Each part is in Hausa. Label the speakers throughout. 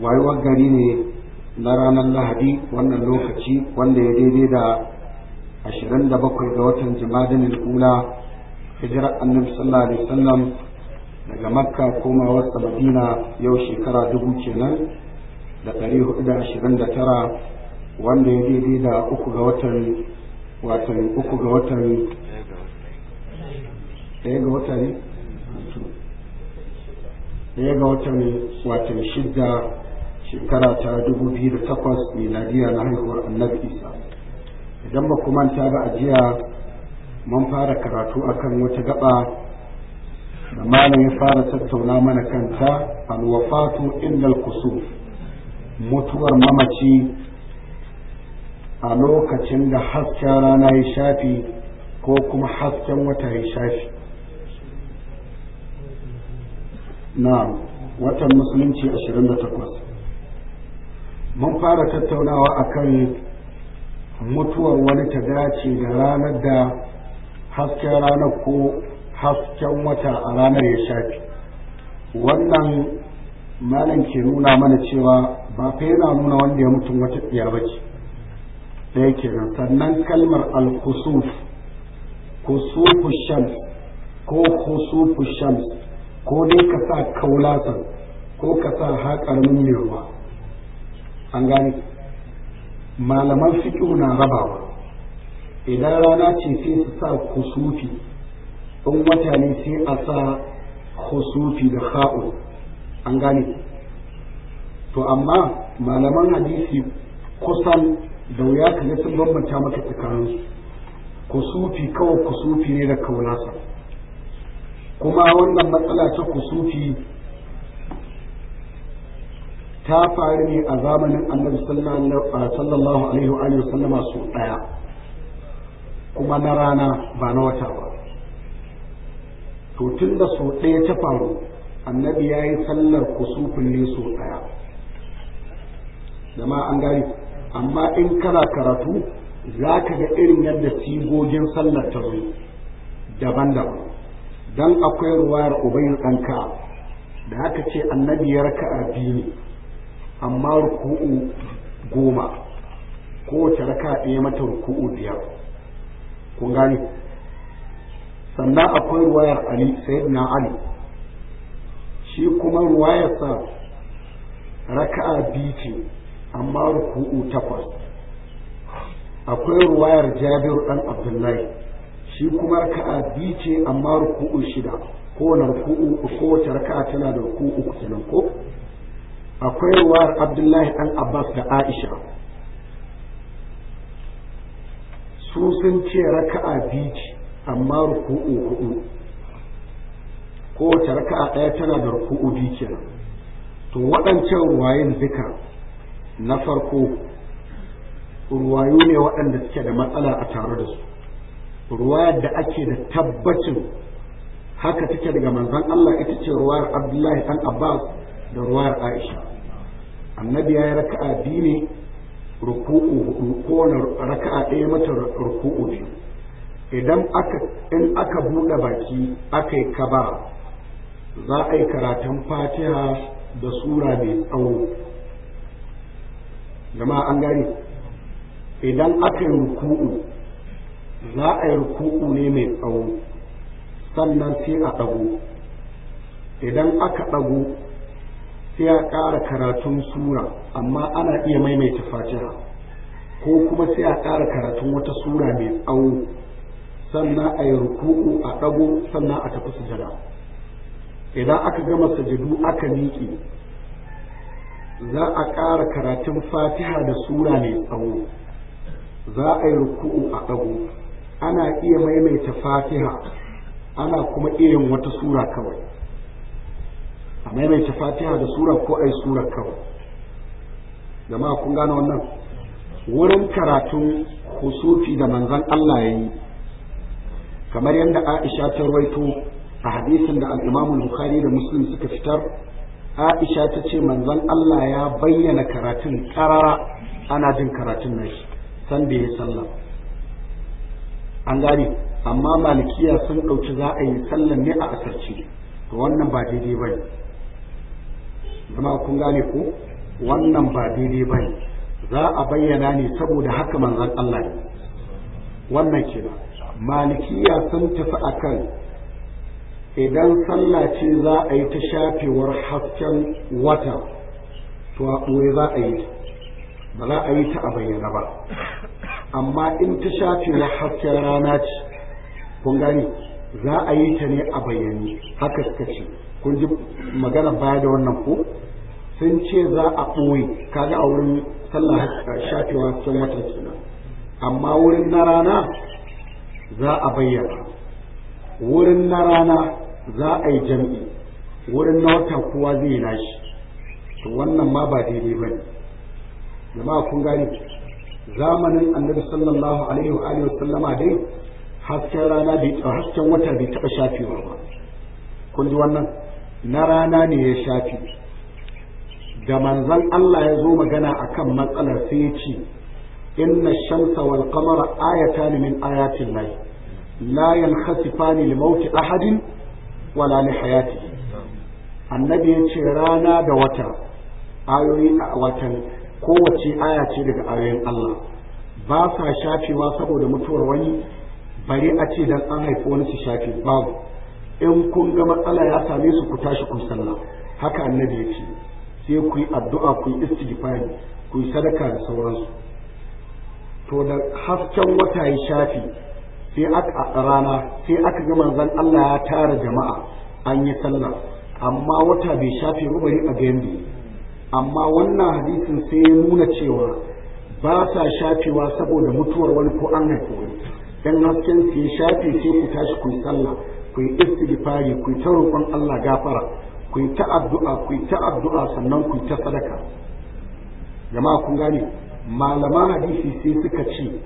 Speaker 1: wayewar gari ne na ranar lahadi wannan lokaci wanda ya daidai da 27 ga watan jimadin al'ula hijirar annabi sallallahu alaihi wasallam daga makka komawar madina yau shekara dubu kenan da 429 wanda ya daidai da uku ga watan watan uku ga watan ɗaya ga wata ne ɗaya ga watan watan shidda shekara ta dubu biyu da takwas miladiya na haihuwar annabi isa idan ba manta ba a jiya mun fara karatu akan wata gaba da malam ya fara tattauna mana kanta alwafatu inda kusuf mutuwar mamaci a lokacin da hasken rana ya shafi ko kuma hasken wata ya shafi na watan musulunci 28 mun fara tattaunawa akan mutuwar wani ta dace da ranar da hasken ranar ko hasken wata a ranar ya shafi wannan malam ke nuna mana cewa ba fa yana nuna wanda ya mutum wata ɗiyar ba ce ɗaya nan. sannan kalmar al-kusuf kusufu shams ko kusufu shams ko dai ka sa kaulatan ko ka sa haƙar mun ruwa an gane malaman fiƙi na rabawa idan rana ce sai su sa kusufi in wata ne sai a sa kusufi da ha'u an gane to amma malaman hadisi kusan da wuya ka ga sun bambanta maka tsakaninsu kusufi kawai kusufi ne da kaunasa kuma wannan matsala ta kusufi ta faru ne a zamanin annabi sallallahu alaihi wa sallama su daya kuma na rana ba na wata ba to tun da su ɗaya ta faru annabi ya yi sallar kusufin ne su ɗaya zama an gari amma in kana karatu za ka ga irin yadda sigogin sallar ta zo daban-daban don akwai ruwayar ubayin ɗanka da haka ce annabi ya raka a biyu amma ruku'u goma kowace raka ɗaya mata ruku'u biyar kun gane sannan akwai ruwayar ali na ali shi kuma ruwayarsa raka'a biyu ce amma ruku'u takwas akwai ruwayar jabir dan abdullahi shi kuma raka'a biyu ce amma ruku'u shida kowane ruku'u kowace raka'a tana da ruku'u uku kenan ko akwai wa abdullahi dan abbas da aisha su sun ce raka'a biyu amma ruku'u hudu kowace raka'a ɗaya tana da ruku'u biyu kenan to waɗancan ruwayin duka na farko ruwayu ne waɗanda suke da matsala a tare da su ruwayar da ake da tabbacin haka take daga manzon Allah ita ce ruwayar Abdullahi dan Abbas da ruwa ruwayar aisha annabi ya yi raka'a biyu ne ruku'u hudu kowane raka'a ɗaya mata ruku'u biyu idan aka in aka buɗe baki aka yi kaba za a yi karatun fatiha da sura mai tsawo jama'a an gari. idan aka yi ruku'u za a yi ruku'u ne mai tsawo sannan sai a ɗago idan aka ɗago sai a ƙara karatun sura amma ana iya maimaita fatiha ko kuma sai a ƙara karatun wata sura mai tsawo sannan a yi ruku'u a ɗago sannan a tafi sujada idan aka gama sujadu aka miƙe za a ƙara karatun fatiha da sura mai tsawo za a yi ruku'u a ɗago ana iya maimaita fatiha ana kuma iya yin wata sura kawai a maimaita fatiha da sura ko ai sura kawai jama'a kun gane wannan wurin karatun husufi da manzan Allah ya yi kamar yadda Aisha ta rawaito a hadisin da al-Imam Bukhari da Muslim suka fitar Aisha ta ce manzan Allah ya bayyana karatun karara ana jin karatun nashi san da ya sallah an gane amma malikiya sun ɗauki za a yi sallan ne a asarci to wannan ba daidai bane zama kun gane ko wannan ba daidai ba ne za a bayyana ne saboda haka manzan Allah ne wannan kenan malikiya sun tafi akan idan sallah ce za a yi ta shafewar hasken wata to a ɓoye za a yi ba za a yi ta a bayyana ba amma in ta shafewar hasken rana ce kun gane za a yi ta ne a bayyane haka suka ce kun ji magana baya da wannan ko sun ce za a ɓoye kaga a wurin sallah shafewa cikin wata kenan amma wurin na rana za a bayyana wurin na rana za a yi jam'i wurin na wata kowa zai nashi to wannan ma ba daidai ba ne jama'a kun gane zamanin annabi sallallahu alaihi wa alihi wasallama dai hasken rana bai hasken wata bai taba shafewa ba kun ji wannan na rana ne ya shafi da manzon Allah ya zo magana akan matsalar sai ya ce inna shamsa wal qamara ayatan min ayatin lahi la yanhasifani li mawti ahadin wala li hayati annabi ya ce rana da wata ayoyi a watan kowace aya ce daga ayoyin Allah ba sa shafewa saboda mutuwar wani bari a ce dan an haifi wani su shafe babu in kun ga matsala ya same su ku tashi ku sallah haka annabi ya ce sai ku yi addu'a ku yi istighfari ku yi sadaka da sauransu to da hasken wata ya shafi sai aka rana sai aka ga manzon Allah ya tara jama'a an yi sallah amma wata bai shafe rubari bari a gayan amma wannan hadisin sai ya nuna cewa ba sa shafewa saboda mutuwar wani ko an haifi wani dan hasken su ya shafe sai ku tashi ku yi sallah ku yi istighfari ku yi ta roƙon Allah gafara ku yi ta addu'a ku yi ta addu'a sannan ku yi ta sadaka jama'a kun gane malaman hadisi sai suka ce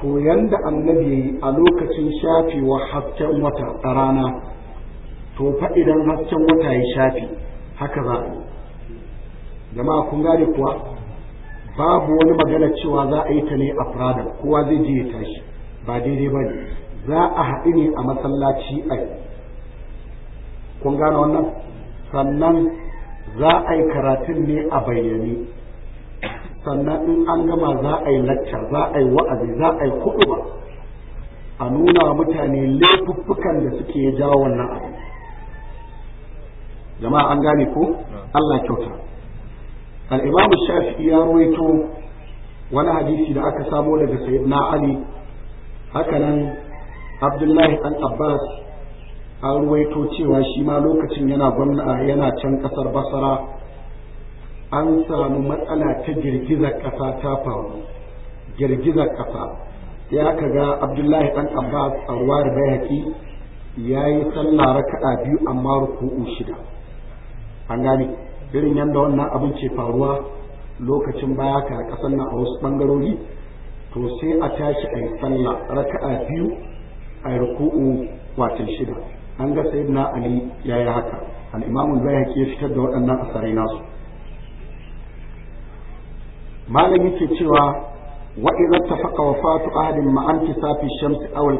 Speaker 1: to yanda annabi yayi a lokacin wa hasken wata a rana to fa idan hasken wata ya shafi haka za a jama'a kun gane kuwa babu wani magana cewa za a yi ta ne a firadan kowa zai je ya tashi ba daidai ba ne za a haɗu ne a masallaci a kun gane wannan sannan za a yi karatun ne a bayyane sannan in an gama za a yi lacca za a yi wa'azi za a yi ba a nuna wa mutane laifuffukan da suke jawo wannan abu jama'a an gane ko Allah kyauta al-imam shafi'i ya ruwaito wani hadisi da aka samo daga sayyidina ali hakanan abdullahi an abbas an ruwaito cewa shi ma lokacin yana gwamna yana can kasar basara an samu matsala ta girgizar kasa ta faru girgizar kasa ya kaga abdullahi an abbas a ruwa da bayaki ya yi sallah raka'a biyu amma ruku'u shida an gane irin yadda wannan abin ce faruwa lokacin baya ka kasan na a wasu bangarori to sai a tashi a yi sallah raka'a biyu a ruku'u watan shida an ga sayyidina ali ya yi haka al-imamul bayhaqi ya fitar da waɗannan asarai nasu Malami ke cewa wa idza tafaqa fatu ahadin ma antisafi shamsi aw al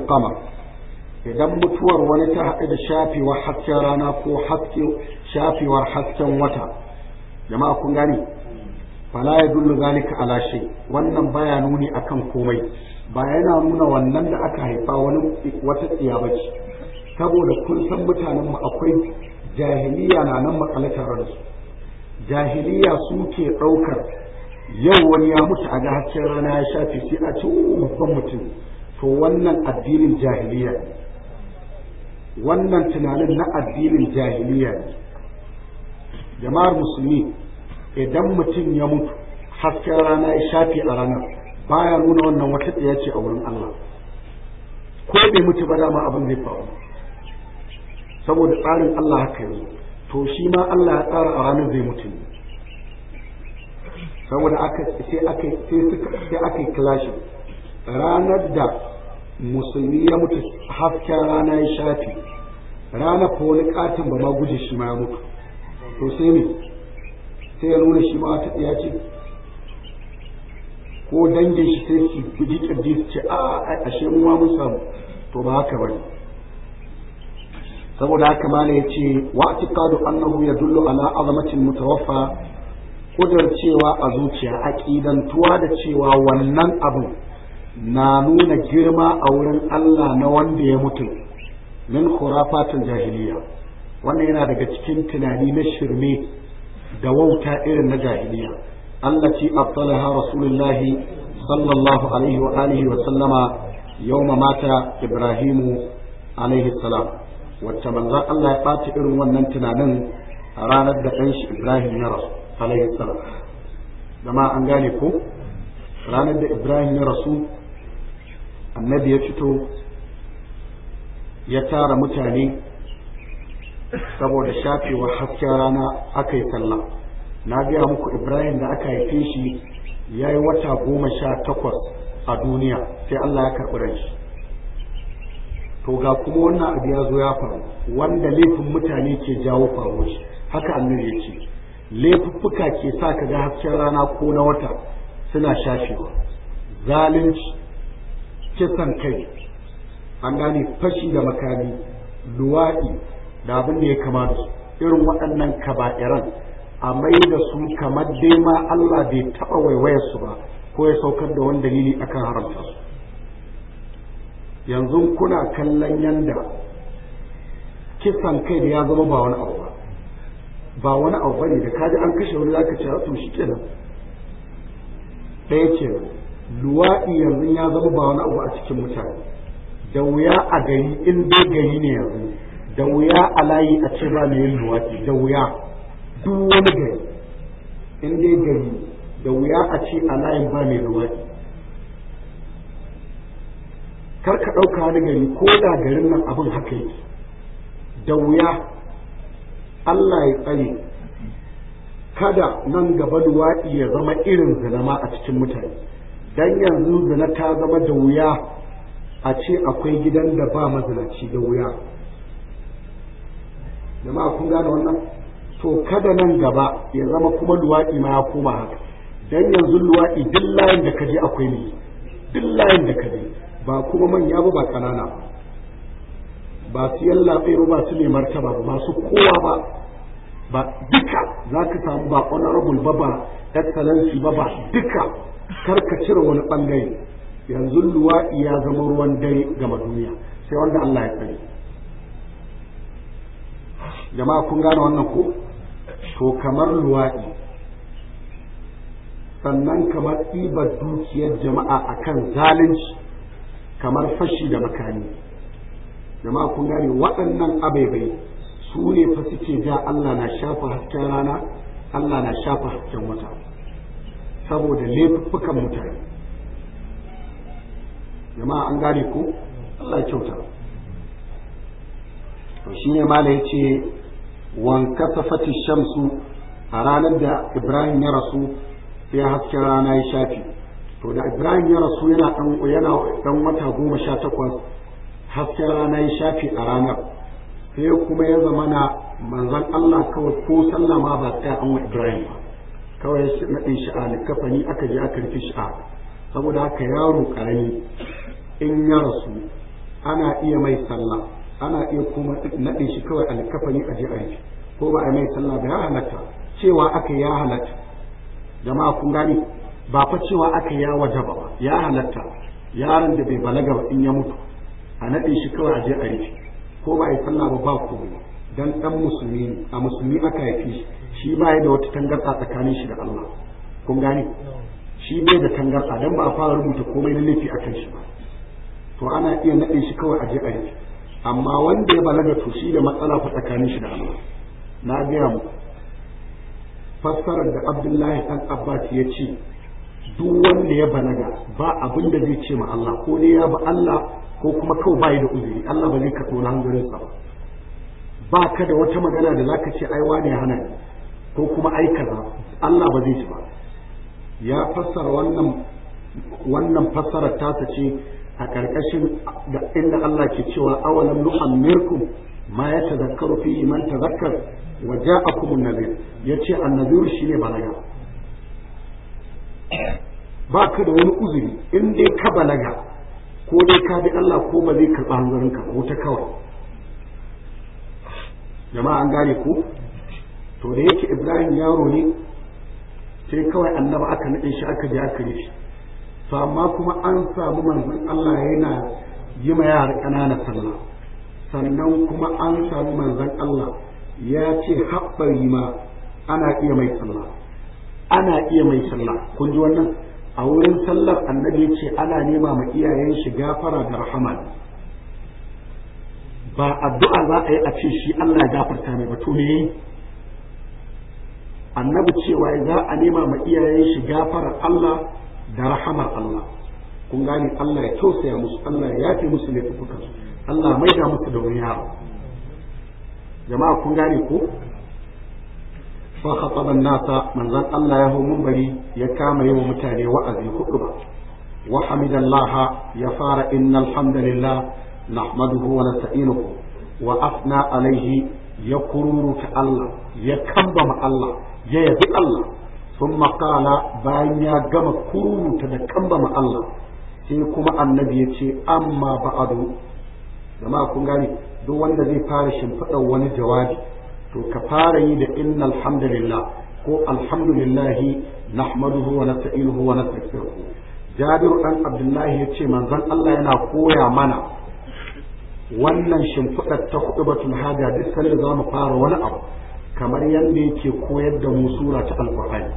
Speaker 1: idan mutuwar wani ta haɗu da shafewar hasken rana ko shafewar hasken wata jama'a kun gane fala ya dullu zalika ala shay wannan baya nuni akan komai ba yana nuna wannan da aka haifa wani wata tsiya ba ce saboda kun san mutanen mu akwai jahiliya na nan makalatar da jahiliya su ke ɗaukar yau wani ya mutu a ga hasken rana ya shafe sai a ce babban mutum to wannan addinin jahiliya wannan tunanin na addinin jahiliya jama'ar musulmi idan mutum ya mutu hasken rana ya shafe a ranar baya nuna wannan wata ɗaya ce a wurin Allah ko bai mutu ba dama abin zai faru saboda tsarin Allah haka yanzu to shi ma Allah ya tsara a ranar zai mutu ne saboda aka sai aka sai aka kilashi ranar da musulmi ya mutu hasken rana ya shafi rana ko wani katin ba ma guje shi ma ya mutu to sai ne sai ya nuna shi ma wata iya ce ko dangin shi sai su fiji kirji su ce a ah, ashe mu ma mun samu to ba haka bane saboda haka mala ce wa tiqadu annahu yadullu ala azamatin mutawaffa kudar cewa a zuciya aqidantuwa da cewa wannan abu na nuna girma a wurin Allah na wanda ya mutu min khurafatul jahiliya wannan yana daga cikin tunani na shirme da wauta irin na jahiliya التي أبطلها رسول الله صلى الله عليه وآله وسلم يوم مات إبراهيم عليه السلام وتمنى الله يقاتل إرم ومن تنانن رانا دقنش إبراهيم يرى عليه السلام جماعة أنجانيكو ranar da ibrahim ya rasu annabi ya fito ya tara mutane saboda shafewar hasken rana aka yi sallah na gaya muku ibrahim da aka haife shi ya yi wata goma sha takwas a duniya sai allah ya karɓi ran shi to ga kuma wannan abu ya zo ya faru wanda laifin mutane ke jawo faruwar shi haka annabi ya ce laifuffuka ke sa ka ga hasken rana ko na wata suna shafewa zalunci kisan kai an gane fashi da makami luwaɗi da abin da ya kama da su irin waɗannan kaba'iran a mai da su kamar dai ma Allah bai taɓa waiwayar su ba ko ya saukar da wani dalili akan haramta su yanzu kuna kallon yanda kisan kai da ya zama ba wani abu ba ba wani abu bane da kaji an kashe wani zaka ce ah, to shi kenan ɗaya kenan luwaɗi yanzu ya zama ba wani abu a cikin mutane da wuya a gari in dai gari ne yanzu da wuya a layi a ce ba ne yin luwaɗi da wuya
Speaker 2: duk wani gari
Speaker 1: in dai gari da wuya a ce a layin ba mai luwaɗi kar ka ɗauka wani gari ko da garin nan abin haka yake da wuya Allah ya tsare kada nan gaba luwaɗi ya zama irin zinama a cikin mutane dan yanzu zina ta zama da wuya a ce akwai gidan da ba mazinaci da wuya jama'a kun gane wannan to kada nan gaba ya zama kuma luwaɗi ma ya koma haka dan yanzu luwaɗi duk layin da kaje akwai ne duk layin da kaje ba kuma manya ba ba kanana ba su yallaɓe ba ba su ne martaba ba su kowa ba ba duka za ka samu ba honorable ba ba excellency ba ba duka kar ka cire wani ɓangare yanzu luwaɗi ya zama ruwan dare gama duniya sai wanda Allah ya tsare jama'a kun gane wannan ko to kamar luwaɗi sannan kamar ɗibar dukiyar jama'a akan zalunci kamar fashi da makani jama'a kun gane waɗannan abaibai su ne fa suke ja Allah na shafa hasken rana Allah na shafa hasken wata saboda laifuffukan mutane jama'a an gane ku? Allah ya kyauta to shine mala ce. wankasafat shamsu a ranar da Ibrahim ya rasu sai hasken rana ya shafi to da Ibrahim ya rasu yana dan yana dan wata goma sha takwas hasken rana ya shafi a ranar sai kuma ya zama na manzon Allah kawai ko sallama ba tsaya an wa Ibrahim ba kawai ya naɗin shi a likafani aka je aka rufe shi a saboda haka yaro karami in ya rasu ana iya mai sallah ana iya kuma naɗe shi kawai alkafani a je a ko ba a mai sallah ba ya halatta cewa aka ya halatta jama'a kun gani ba fa cewa aka ya wajaba ba ya halatta yaron da bai balaga ba in ya mutu a naɗe shi kawai a je a ko ba a yi sallah ba ba ku dan dan musulmi ne a musulmi aka yi shi shi ba da wata tangarɗa tsakanin shi da Allah kun gani shi bai da tangarɗa dan ba a fara rubuta komai na laifi akan shi ba to ana iya naɗe shi kawai a je a amma wanda ya balaga to shi da matsala fa tsakanin shi da Allah na gaya mu. fassarar da Abdullahi dan Abbas ya ce duk wanda ya balaga ba abin da zai ce ma Allah ko dai ya ba Allah ko kuma kawai bai da uzuri Allah ba zai karɓo hanzarin sa ba ka da wata magana da zaka ce ai wani ya hana ko kuma ai kaza Allah ba zai ci ba ya fassara wannan wannan fassarar ta ce a ƙarƙashin da inda Allah ke cewa awalam nuhammirkum ma ya tazakkaru fi iman tazakkar wa ja'akum an-nabi yace shi shine balaga ba ka da wani uzuri in dai ka balaga ko dai ka bi Allah ko ba zai karɓa hanzarinka ko wuta kawai jama'a an gane ku? to da yake Ibrahim yaro ne sai kawai annaba aka naɗe shi aka je aka yi to amma kuma an samu manzon Allah yana yi ma yara ƙanana sallah sannan kuma an samu manzon Allah ya ce haɓɓari ma ana iya mai sallah ana iya mai sallah kun ji wannan a wurin sallar annabi ce ana nema ma iyayen shi gafara da rahama ba addu'a za a yi a ce shi Allah ya gafarta mai ba to me annabi cewa za a nema ma iyayen shi gafara Allah da rahamar Allah kun gane Allah ya tausaya musu Allah ya yafe musu laifukan su Allah mai da musu da wani yaro jama'a kun gane ko fa khataban nasa manzon Allah ya hau bari ya kama yawa mutane wa'azi hudu ba wa hamidallaha ya fara inna alhamdulillah, nahmaduhu wa nasta'inuhu wa afna alaihi ya kururu ta Allah ya kambama Allah ya yabi Allah sun maƙala bayan ya gama kuruta da kambama Allah sai kuma annabi ya ce amma ba'adu zama kun gani duk wanda zai fara shimfiɗar wani jawabi to ka fara yi da inna alhamdulillah ko alhamdulillahi nahmaduhu wa nasta'inuhu wa nastaghfiruhu jabiru dan abdullahi ya ce manzon Allah yana koya mana wannan shimfiɗar ta hudu batun haja duk sanda za mu fara wani abu kamar yadda yake koyar da mu sura ta alkur'ani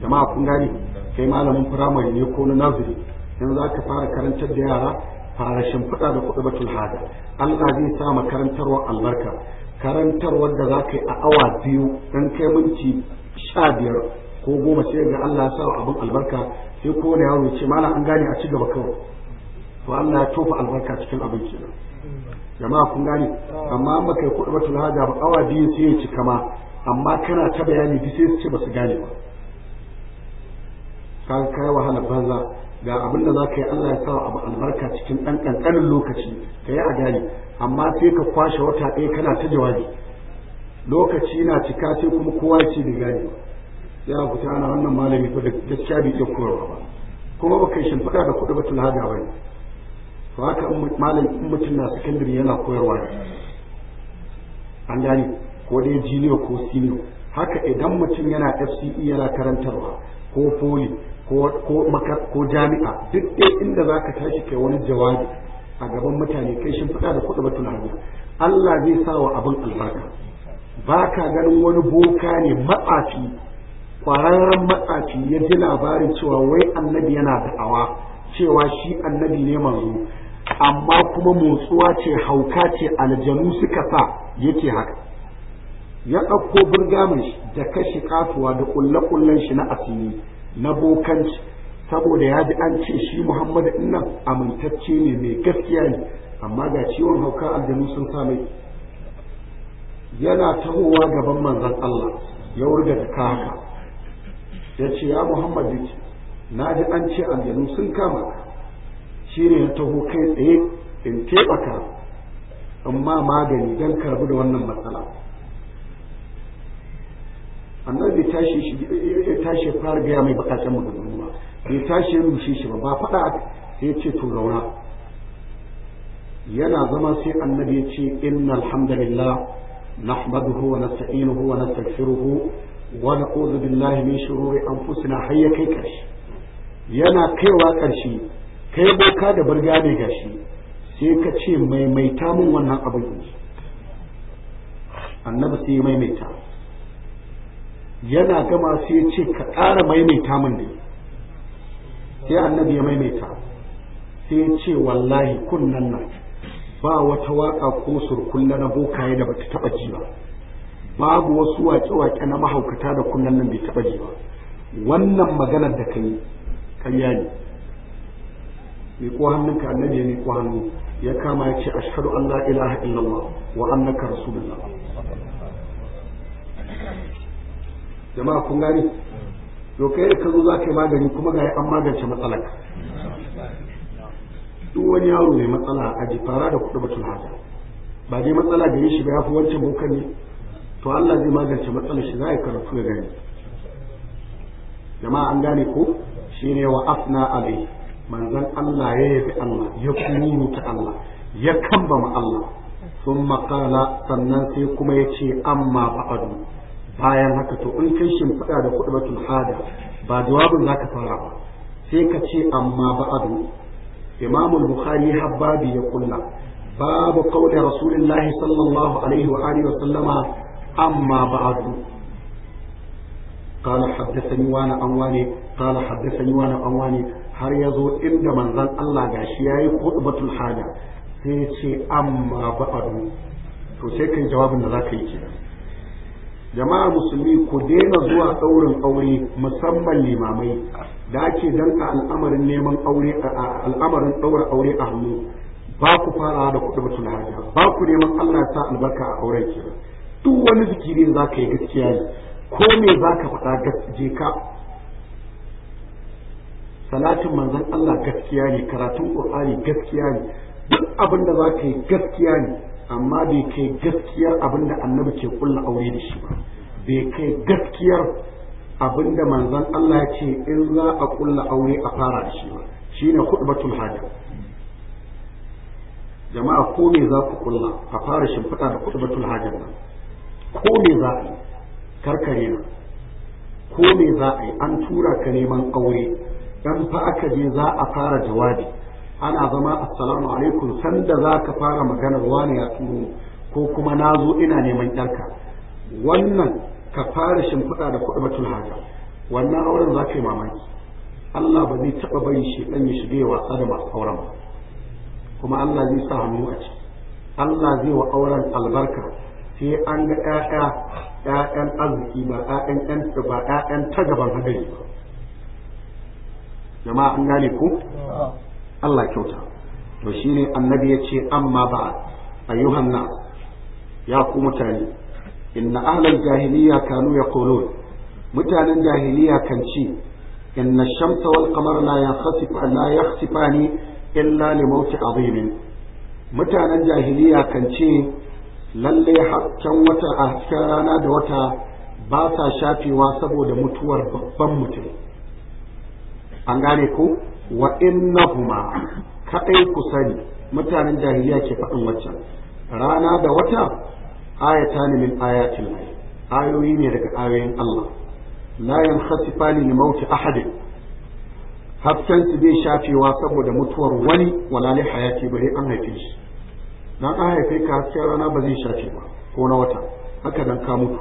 Speaker 1: jama'a kun gane kai malamin firamare ne ko na nazari yanzu za ka fara karantar da yara fara shimfiɗa da kuɗi batul hada allah zai sa makarantarwar albarka karantarwar da za ka yi a awa biyu don kai minti sha biyar ko goma sai ga allah ya sa abin albarka sai ko wani yaro ya ce malam an gane a ci gaba kawai to allah ya tofa albarka cikin abinci. kenan jama'a kun gane amma an baka kuɗa batul haja ba awa biyu sai ya cika ma amma kana ta bayani bi sai su ce basu gane ba ka kai wahala banza ga abin da zaka yi Allah ya sa abu albarka cikin dan lokaci ka yi a gane amma sai ka kwashe wata ɗaya kana ta jawabi lokaci na cika sai kuma kowa ce bai gane ba a fita ana wannan malami fa da gaskiya bai iya koyarwa ba kuma baka yi shimfiɗa da kuɗi batul haja ba ne to haka malam ummatin na sakandare yana koyarwa an gane ko dai jiniyo ko siniyo haka idan mutum yana fce yana karantarwa ko poli ko jami'a duk dai inda za ka tashi kai wani jawabi a gaban mutane kai shi fada da kuɗa batun hanya Allah zai sa wa abin albarka ba ka ganin wani boka ne matsafi kwararren matsafi ya ji labarin cewa wai annabi yana da'awa cewa shi annabi ne manzo amma kuma motsuwa ce hauka ce aljanu suka sa yake haka ya ɗauko burgamin shi da kashi kasuwa da ƙulle-ƙullen shi na asiri na bokanci saboda ya ji an ce shi muhammadu nan amintacce ne mai gaskiya ne amma ga ciwon hauka aljanu sun same yana tahowa gaban manzon Allah ya wurga da haka ya ce ya muhammadu na ji an ce aljanu sun kama shine ya taho kai tsaye in taimaka amma magani don karbi da wannan matsala annabi tashi shi ya tashi fara gaya mai bukatun maganganu ba bai tashi ya rushe shi ba ba faɗa sai ce to zauna yana zama sai annabi ya ce inna alhamdulillah huwa na nasta'inuhu huwa na wa huwa na min shururi anfusina har ya kai karshe yana kaiwa karshe Ka yi boka da barga ne gashi sai ka ce maimaita min wannan abin ne. annabi sai ya maimaita yana gama sai ya ce ka ƙara maimaita min ne sai annabi ya maimaita sai ya ce wallahi kunnan nan ba wata waka ko surkulla na bokaye da bata taba ji ba babu wasu waƙe wake na mahaukata da kunnan nan bai taba ji ba wannan maganar da ka yi ƙarya ne miƙo hannunka annabi ya miƙo hannu ya kama ya ce a ashhadu an la ilaha illallah wa annaka rasulullah jama'a kun gane to kai da ka zo za ka yi magani kuma ga an magance matsalar duk wani yaro mai matsala a ji fara da kuɗi batul haja ba dai matsala da ya shiga ya fi wancan bokan ne to Allah zai magance matsala shi za a yi karatu ya gani jama'a an gane ko shi ne wa afna alai manzon Allah ya yabi Allah ya kuru ta Allah ya ma Allah sun makala sannan sai kuma ya ce amma ba'adu bayan haka to in kai shimfiɗa da kuɗi hada ba jawabin za ka fara ba sai ka ce amma ba'adu imamul bukhari habbabi ya kulla babu kauli rasulullahi sallallahu alaihi wa alihi wa sallama amma ba'adu قال حدثني وانا اواني قال حدثني وانا اواني har ya zo inda manzan Allah gashi ya yi batun hada sai ya ce amma ba'adu to sai kai jawabin da za ka yi ke jama'a musulmi ku daina zuwa tsaurin aure musamman limamai da ake a al'amarin neman aure a al'amarin ɗaura aure a hannu ba ku fara da kuɗi batun haja ba ku neman Allah ya sa albarka a auren ke duk wani zikiri za ka yi gaskiya ne ko me za ka faɗa gaske ka salatin manzon Allah gaskiya ne karatun Qur'ani gaskiya ne duk abin da za ka yi gaskiya ne amma bai kai gaskiyar abin da annabi ke kulla aure da shi ba bai kai gaskiyar abin da manzon Allah ce in za a kulla aure a fara da shi ba shine khutbatul hajj jama'a ko me za ku kulla a fara shimfiɗa da khutbatul hajj nan ko me za a yi karkare na ko me za a yi an tura ka neman aure dan fa aka je za a fara jawabi ana zama assalamu alaikum sanda za ka fara maganar wani ya turo ko kuma na zo ina neman yarka wannan ka fara shimfiɗa da kuɗi batul haja wannan auren za ka yi mamaki Allah ba zai taɓa bari shi ya shige wasa da masu auren ba kuma Allah zai sa hannu a ciki Allah zai wa auren albarka sai an ga ƴaƴa ƴaƴan arziki ba ƴaƴan ba ƴaƴan ta gaban hadari ba jama'a an gane ko Allah kyauta to shine annabi ya amma ba ayyuhan na ya ku mutane inna ahlal jahiliya kanu yaqulun mutanen jahiliya kan ce inna shamsa wal qamar la yakhsifa la yakhsifani illa li mawti azim mutanen jahiliya kan ce lalle hasken wata a cikin rana da wata ba sa shafewa saboda mutuwar babban mutum an gane ku wa huma kadai ku sani mutanen jahiliya ke faɗin waccan rana da wata ayata ne min ayatin lahi ayoyi ne daga ayoyin Allah la yanhasifani li mauti ahadin hasken su bai shafewa saboda mutuwar wani wala ne hayati bare an haife shi dan an haife ka hasken rana ba zai shafe ba ko na wata haka dan ka mutu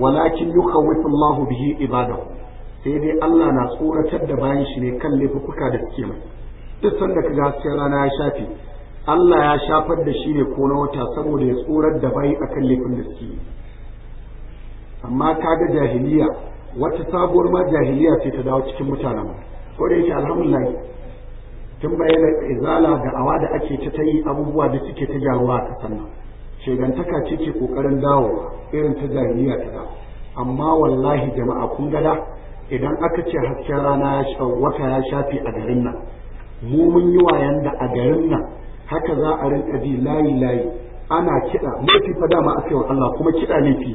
Speaker 1: walakin yukhawwifu Allahu bihi ibadahu sai dai Allah na tsoratar da bayan shi ne kan laifuka da suke mai duk sanda kaga hasken rana ya shafe Allah ya shafar da shi ne ko na wata saboda ya tsorar da bayi akan laifin da suke amma kaga jahiliya wata sabuwar ma jahiliya ce ta dawo cikin mutanen mu ko da yake alhamdulillah tun bayan izala da awa da ake ta tayi abubuwa da suke ta gyaruwa a ƙasar nan shegantaka ce ke kokarin dawo irin ta jahiliya ta dawo amma wallahi jama'a kun gada idan aka ce hasken rana ya wata ya shafi a garin nan mu mun yi wayan da a garin nan haka za a rinka ji layi layi ana kiɗa mafi fa dama a wa Allah kuma kiɗa ne fi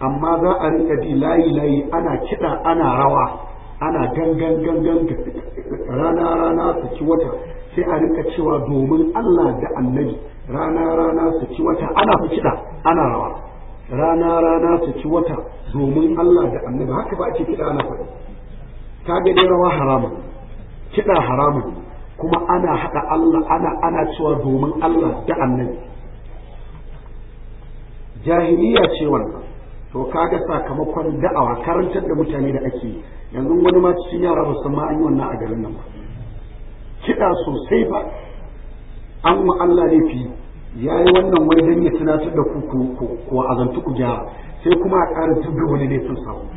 Speaker 1: amma za a rinka ji layi layi ana kiɗa ana rawa ana gangan gangan rana rana su ci wata sai a rinka cewa domin Allah da annabi rana rana su ci wata ana fi kiɗa ana rawa rana rana su ci wata domin Allah da annabi haka ba ake kiɗa na faɗi ka ga dai rawa harama kiɗa harama kuma ana haɗa Allah ana ana cewa domin Allah da annabi jahiliya ce wannan to kaga sakamakon da'awa karantar da mutane da ake yanzu wani ma cikin yara ba san ma an yi wannan a garin nan ba kiɗa sosai ba an ma Allah laifi ya yi wannan wai don ya tunatar da ku ko a ku gyara sai kuma a ƙara tuddu wani laifin samu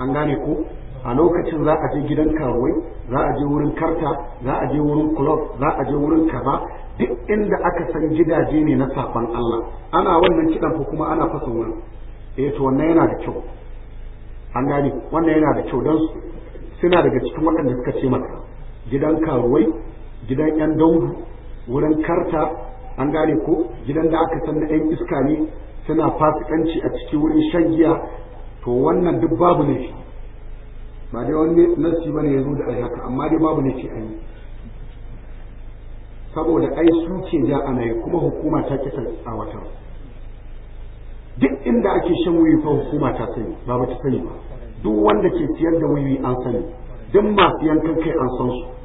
Speaker 1: an gane ko a lokacin za a je gidan karuwai za a je wurin karta za a je wurin kulob, za a je wurin kaza duk inda aka san gidaje ne na saban Allah ana wannan kidan fa kuma ana fasa wurin eh to wannan yana da kyau an gane wannan yana da kyau dan suna daga cikin waɗanda suka ce maka gidan karuwai gidan yan daudu wurin karta an gane ko gidan da aka san na yan iska ne suna fasikanci a ciki wurin shan giya to wannan duk babu shi. ba dai wani nasi bane ya zo da alhaka, amma dai babu shi an yi saboda ai su ke ja ana yi kuma hukuma ta a watan. duk inda ake shan wuyi fa hukuma ta sani ba ba ta sani ba duk wanda ke ciyar da wuyi an sani duk masu yankan kai an san su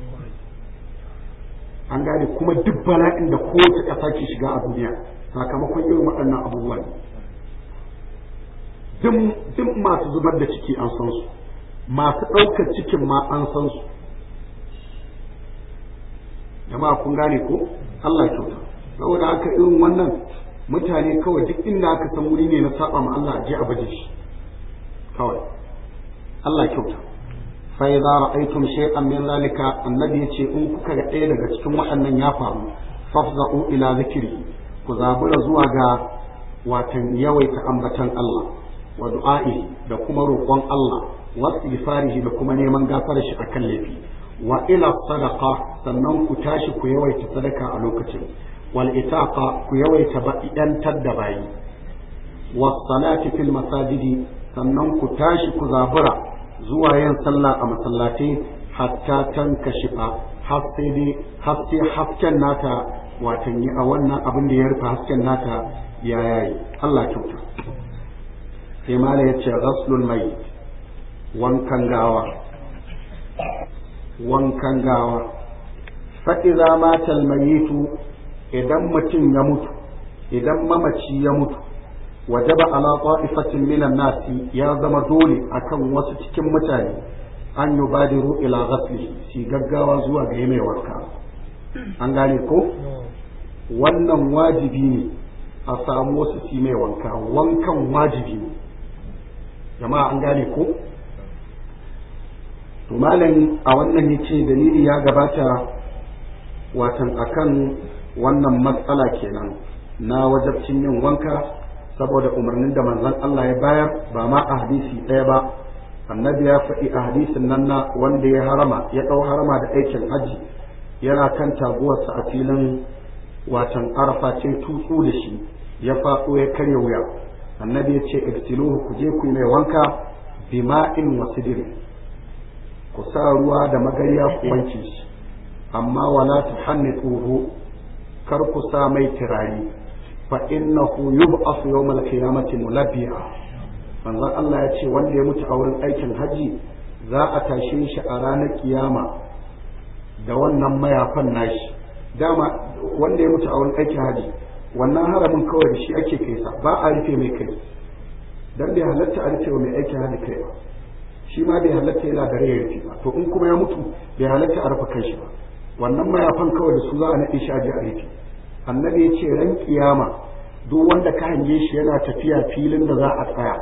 Speaker 1: an gane kuma duk bala'in da kowace ƙasa ke shiga a duniya sakamakon irin waɗannan abubuwa ne duk masu zubar da ciki an san su masu ɗaukar cikin ma an san su jama'a kun gane ko Allah kyauta saboda haka irin wannan mutane kawai duk inda aka san wuri ne na saba ma Allah a je a baje shi kawai Allah kyauta fa idza ra'aytum shay'an min zalika annabi ce in kuka ga ɗaya daga cikin waɗannan ya faru fafza'u ila zikri ku zabura zuwa ga watan yawaita ambatan Allah wa du'a'i da kuma roƙon Allah wa istighfarihi da kuma neman gafarar shi akan laifi wa ila sadaqa sannan ku tashi ku yawaita sadaka a lokacin wal itaqa ku yawaita ba'idantar tadda bayi wa salati masajidi sannan ku tashi ku zabira. zuwa yin sallah a masallatai hatta tanka shifa har dai hasken nata watan yi a wannan abin da ya rufe hasken nata ya yayi Allah kyauta sai mala ce ghaslul mai, wankan gawa wankan gawa fa idza mata al tu idan mutum ya mutu idan mamaci ya mutu wajaba ala ta'ifatin minan nasi ya zama dole akan wasu cikin mutane an yubadiru ila ghasli gaggawa zuwa ga mai wanka an gane ko wannan wajibi ne a samu wasu si mai wanka wankan wajibi ne jama'a an gane ko to a wannan yace dalili ya gabata watan akan wannan matsala kenan na wajabcin yin wanka saboda umarnin da manzon Allah ya bayar ba ma a hadisi ɗaya ba annabi ya faɗi a hadisin nan na wanda ya harama ya ɗau harama da aikin hajji yana kan taguwarsa a filin watan arafa ce tutsu da shi ya faɗo ya karya wuya annabi ya ce ibtiluhu ku je ku mai wanka bima'in wa sidirin ku sa ruwa da magariya ku wanke shi amma wala tuhannituhu kar ku sa mai turare fa innahu yub'asu yawmal qiyamati mulabbiya manzon Allah ya ce wanda ya mutu a wurin aikin haji za a tashi shi a ranar kiyama da wannan mayafan nashi dama wanda ya mutu a wurin aikin haji wannan haramin kawai da shi ake kai sa ba a rufe mai kai dan bai halatta a rufe mai aikin haji kai ba shi ma bai halatta yana da rai rufe ba to in kuma ya mutu bai halatta a rufe kai shi ba wannan mayafan kawai da su za a naɗe shi a ji a rufe annabi ya ce ran kiyama duk wanda ka hange shi yana tafiya filin da za a tsaya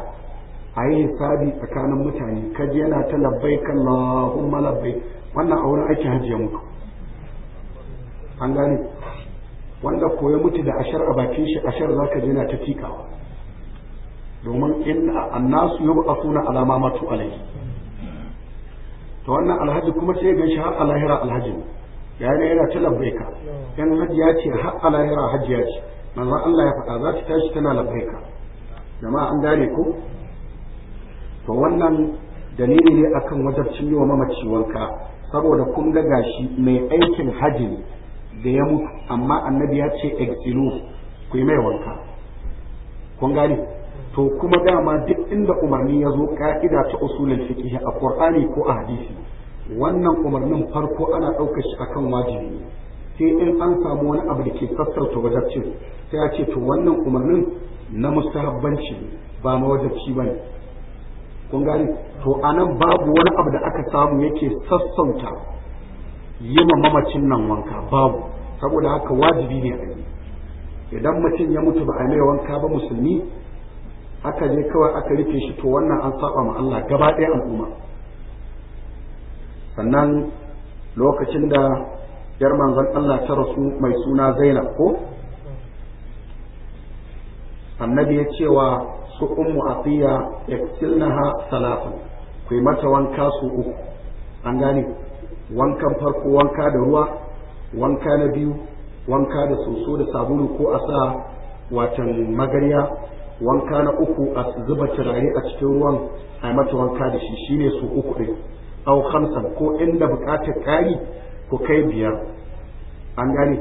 Speaker 1: a yi hisabi tsakanin mutane kaji yana ta labbai kallahumma malabbai wannan a wurin aikin hajji ya mutu an gane wanda koya mutu da ashar a bakin shi ashar za ka jina ta tikawa domin in annasu yau a suna alama matu alai Ta wannan alhaji kuma sai gan shi har a lahira alhaji yayin yana ta ka yan hajji ya ce har a lahira hajji ya ce manzon Allah ya faɗa za ta tashi tana labaika jama'a an gane ko to wannan dalili ne akan wajabcin yi wa mamaci wanka saboda kun ga gashi mai aikin haji da ya mutu amma annabi ya ce exilu ku yi mai wanka kun gane to kuma dama duk inda umarni ya zo ka'ida ta usulul fiqh a qur'ani ko a hadisi wannan umarnin farko ana ɗaukar shi akan wajibi sai in an samu wani abu da ke sassauta wajabcin sai ya ce to wannan umarnin na mustahabbanci ba na wajabci ba ne kun gani to a nan babu wani abu da aka samu yake sassauta yi ma mamacin nan wanka babu saboda haka wajibi ne a yi idan mutum ya mutu ba a mai wanka ba musulmi aka je kawai aka rufe shi to wannan an saba ma Allah gaba ɗaya al'umma sannan lokacin da yar manzon Allah ta rasu mai suna Zainab ko annabi ya cewa su ummu atiya yaktilnaha salatan ku mata wanka su uku an gane wankan farko wanka da ruwa wanka na biyu wanka da soso da sabulu ko a sa watan magarya wanka na uku a zuba turare a cikin ruwan a mata wanka da shi shine su uku ɗin au khamsan ko inda buƙatar kari ku kai biyar an gane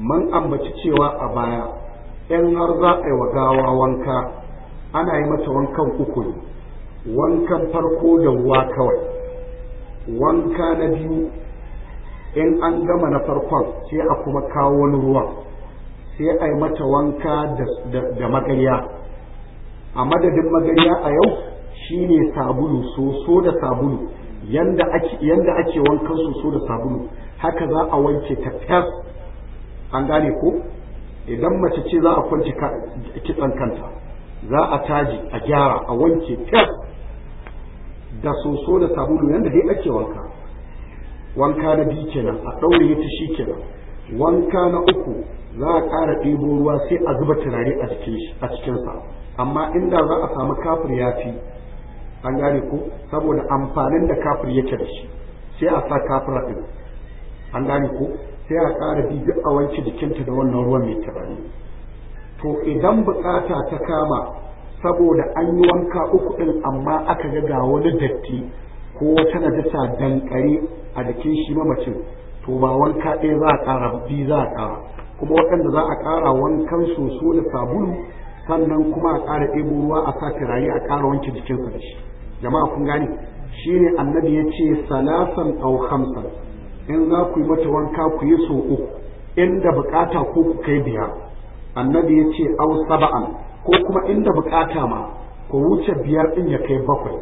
Speaker 1: man ambaci cewa a baya in har za a yi wa gawa wanka ana yi mata wankan uku ne wankan farko da ruwa kawai wanka na biyu in an gama na farkon sai a kuma kawo wani ruwan sai a yi mata wanka da magarya a madadin magarya a yau shine sabulu soso da sabulu yanda ake yanda ake wankan su da sabulu haka za a wanke ta fes an gane ko idan mace ce za a kwanci kitsan kanta za a taji a gyara a wanke fes da soso da sabulu yanda dai ake wanka wanka na biyu kenan a ɗaure ta shi kenan wanka na uku za a ƙara ɗebo ruwa sai a zuba turare a a cikinsa amma inda za a samu kafir ya fi an gane ko saboda amfanin da kafir yake da shi sai a sa kafira din an gane ko sai a ƙara bibi a wanke jikinta da wannan ruwan mai turare to idan bukata ta kama saboda an yi wanka uku ɗin amma aka ga ga wani datti ko wata najasa dankare a jikin shi mamacin to ba wanka ɗaya za a ƙara biyu za a ƙara kuma waɗanda za a ƙara wankan soso da sabulu sannan kuma a ƙara ɗebo ruwa a sa rayu a ƙara wanke jikinsa da shi jama'a kun gane shine annabi ya ce salasan au hamsan in za ku yi mata wanka ku yi so uku inda bukata ko ku kai biyar annabi ya ce au saba'an ko kuma inda bukata ma ku wuce biyar din ya kai bakwai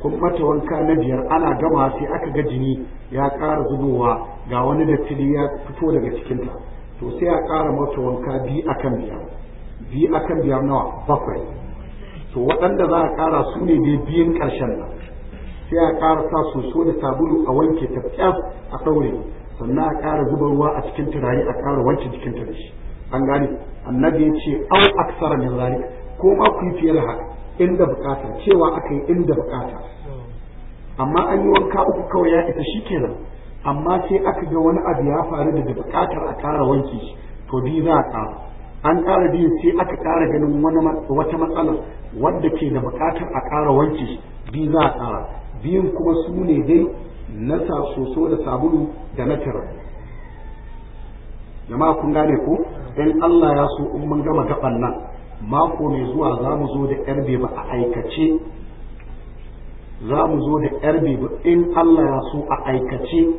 Speaker 1: kun mata wanka na biyar ana gama sai aka ga jini ya ƙara zubowa ga wani da ya fito daga cikinta to sai a ƙara mata wanka biyu akan biyar biyu akan biyar nawa bakwai to waɗanda za a ƙara su ne dai biyun ƙarshen nan sai a ƙara sa soso da sabulu a wanke ta a ɗaure sannan a ƙara zuba ruwa a cikin turare a ƙara wanke jikin ta da shi an gane annabi ya ce au aksara min zalika ko ma ku yi fiye da haka inda bukata cewa aka yi inda bukata amma an yi wanka uku kawai ya isa shi kenan amma sai aka ga wani abu ya faru da bukatar a ƙara wanke shi to biyu za a ƙara an ƙara biyu sai aka ƙara ganin wata matsala wadda ke da buƙatar a ƙara wanke biyu za a ƙara biyun kuma su ne dai na soso da sabulu da na tara jama'a kun gane ko in Allah ya so in mun gama gaban nan mako mai zuwa za mu zo da yar ba a aikace za mu zo da yar ba in Allah ya so a aikace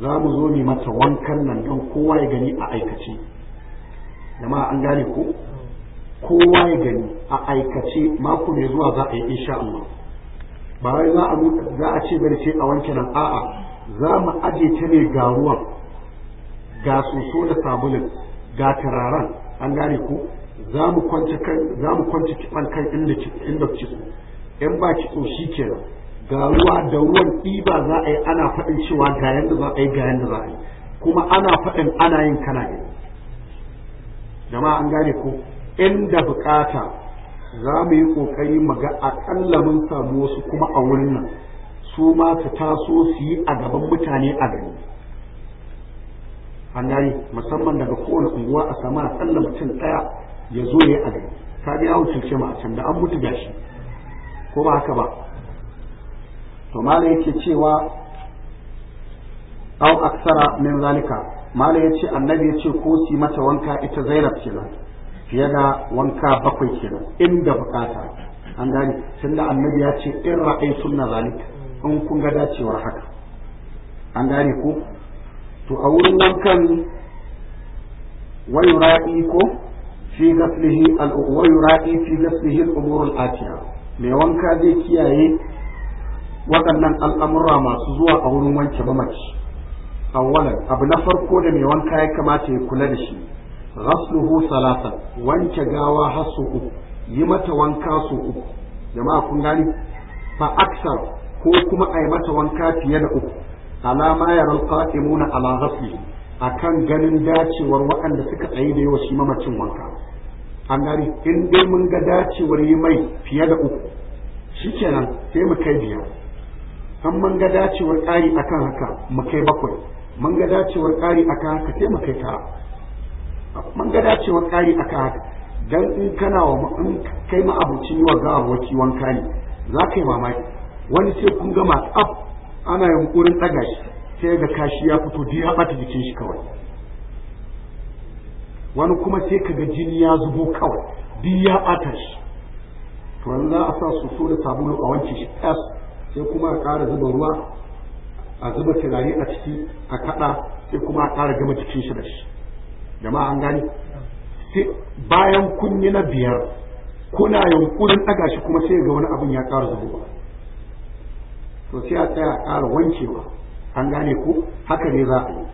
Speaker 1: za mu zo mai mata wankan nan don kowa ya gani a aikace jama'a an gane ko kowa ya gani a aikace mako ne zuwa za a yi insha Allah ba wai za a za a ce bari ce a wanke nan a'a za mu aje ta ne ga ruwan ga soso da sabulin ga tararan, an gane ko za mu kwance kan za mu kwance kiban kan inda inda kitso in ba kitso shikenan ga ruwa da ruwan ɗiba za a yi ana faɗin cewa ga yanda za a yi ga yanda za a yi kuma ana faɗin ana yin kana yi jama'a an gane ko inda bukata za mu yi kokari mu ga akalla mun samu wasu kuma a wurin nan su ma su taso su yi a gaban mutane a gani an gane musamman daga kowane unguwa a samu akalla mutum daya ya zo ya a gani ta ga yawon cuce mu a can da an mutu gashi ko ba haka ba to malam yake cewa au aksara min zalika mala ya ce annabi ya ce ko si mata wanka ita zainab kenan fiye da wanka bakwai kenan inda bukata an gane tunda annabi ya ce in ra'ayi sunna zalik in kun ga dacewar haka an gani ko to a wurin wankan wayura'i ko fi gaslihi al wayura'i fi gaslihi al'umurul atiya mai wanka zai kiyaye waɗannan al'amura masu zuwa a wurin wanke mamaci awwalan abu na farko da mai wanka ya kamata ya kula da shi ghasluhu salasa wanke gawa har su uku yi mata wanka su uku jama'a kun gani fa aksar ko kuma a yi mata wanka fiye da uku alama yaran qa'imuna ala a akan ganin dacewar waɗanda suka tsayi da yawa mamacin wanka an gani in dai mun ga dacewar yi mai fiye da uku shi shikenan sai mu kai biyar an mun ga dacewar ƙari akan haka mu kai bakwai mun ga dacewar ƙari a ka ka taimaka ka mun ga dacewar ƙari dan in kana wa in kai ma abincin yi wa gawarwaki wanka ne za ka yi mamaki wani sai kun gama tsaf ana yunkurin ɗaga shi sai ga kashi ya fito duk ya ɓata jikin shi kawai wani kuma sai ka ga jini ya zubo kawai duk ya ɓata shi to za a sa soso da sabulu a wanke shi sai kuma a ƙara zuba ruwa a zuba turare a ciki a kaɗa sai kuma a ƙara gama cikin shi da shi jama'a an gani bayan kun na biyar kuna yunkurin ɗaga shi kuma sai ga wani abin ya ƙara zubowa to sai a tsaya a ƙara wankewa an gane ko haka ne za a yi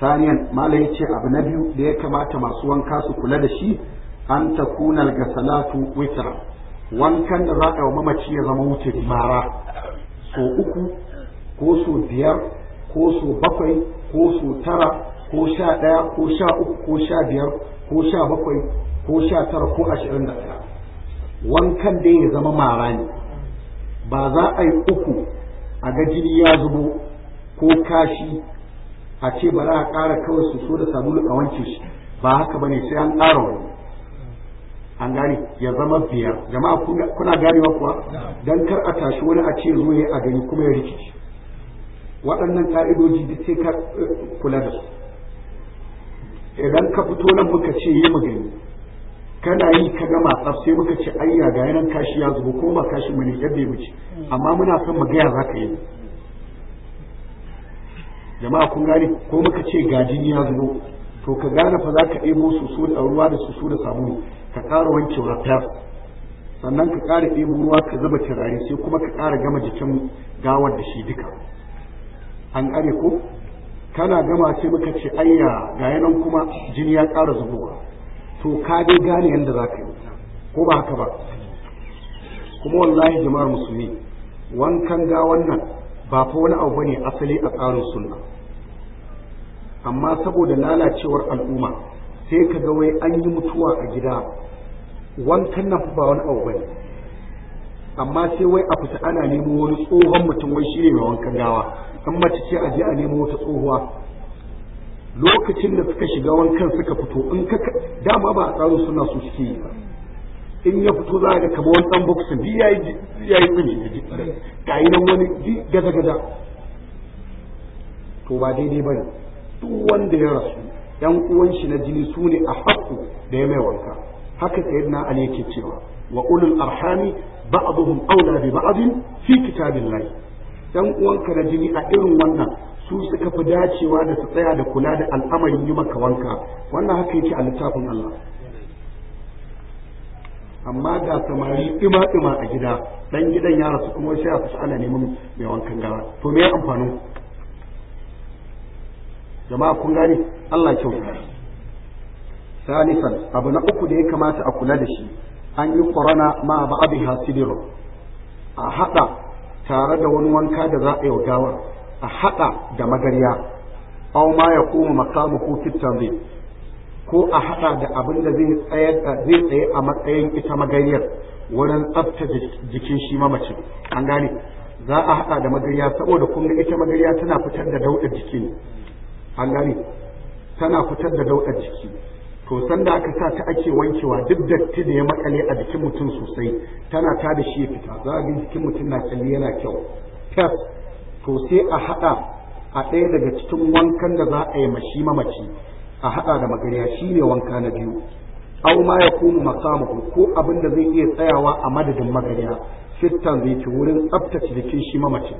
Speaker 1: saniyan malam ya ce abu na biyu da ya kamata masu wanka su kula da shi an ta kunar ga salatu witra wankan da za a yi wa mamaci ya zama wuce mara so uku ko so biyar ko so bakwai ko so tara ko sha ɗaya ko sha uku ko sha biyar ko sha bakwai ko sha tara ko ashirin da ɗaya wankan dai ya zama mara ne ba za a yi uku a ga ya zubo ko kashi a ce ba za a ƙara kawai su so da sabulu a wanke shi ba haka ba ne sai an ƙara wani an gane ya zama biyar jama'a kuna ganewa kuwa dan kar a tashi wani a ce zo ya a gani kuma ya rikici waɗannan ƙa'idoji duk sai ka eh, kula da su idan ka fito nan muka ce yi magani kana yi ka gama tsaf sai muka ce ayya ga yanan kashi ya zubo ko ba kashi mu ne yadda ya wuce amma muna son mu gaya zaka yi jama'a kun gane ko muka ce ga jini ya zubo to ka gane fa za ka ɗebo su da ruwa da su da sabulu ka ƙara wanke wata. sannan ka ƙara ɗebo ruwa ka zuba turare sai kuma ka ƙara gama jikin gawar da shi duka an ƙare ko kana gama sai muka ce ayya ga yanan kuma jini ya ƙara zubowa to ka dai gane yadda za ka yi ko ba haka ba kuma wallahi jama'ar musulmi wankan ga wannan ba fa wani abu bane asali a tsarin sunna amma saboda lalacewar al'umma sai ka ga wai an yi mutuwa a gida wankan nan ba wani abu bane amma sai wai a fita ana nemo wani tsohon mutum wai shi ne mai wankan gawa in mace ce a je a nemo wata tsohuwa lokacin da suka shiga wankan suka fito in ka dama ba a tsaro suna su suke yi ba in ya fito za a ga kamar wani dan boxing bi yayi yayi kunji ga yi nan wani gaza gaza to ba daidai ba ne duk wanda ya rasu yan uwan shi na jini su ne a haƙƙo da ya mai wanka haka na ali yake cewa wa ulul arhami ba'dhum awla bi ba'd fi kitabillahi Dan uwanka na jini a irin wannan su suka fi dacewa da su tsaya da kula da al'amarin yi maka wanka wannan haka yake a littafin Allah amma ga samari ima-ima a gida dan gidan ya rasu kuma sai a fasa ana neman mai wankan gawa to me amfanin jama'a kun gane Allah kyauta salisan abu na uku da ya kamata a kula da shi an yi korona ma ba abin hasidiro a haɗa tare da wani wanka da za a yi gawar a haɗa da magarya aw ma ya koma makamu ko fitan ko a haɗa da abin da zai tsaye a matsayin ita magaryar wurin tsafta jikin shi mace an gane za a haɗa da magarya saboda kun ga ita magarya tana fitar da daudar jiki ne an gane tana fitar da daudar jiki to da aka sa ta ake wankewa duk datti da ya makale a jikin mutum sosai tana ta da shi ya fita za a jikin mutum na kalli yana kyau tas to sai a haɗa a ɗaya daga cikin wankan da za a yi mashi mamaci a haɗa da magariya shi ne wanka na biyu au ma ya kuma makamu ko abin da zai iya tsayawa a madadin magariya fittan zai ci wurin tsaftace jikin shi mamaci.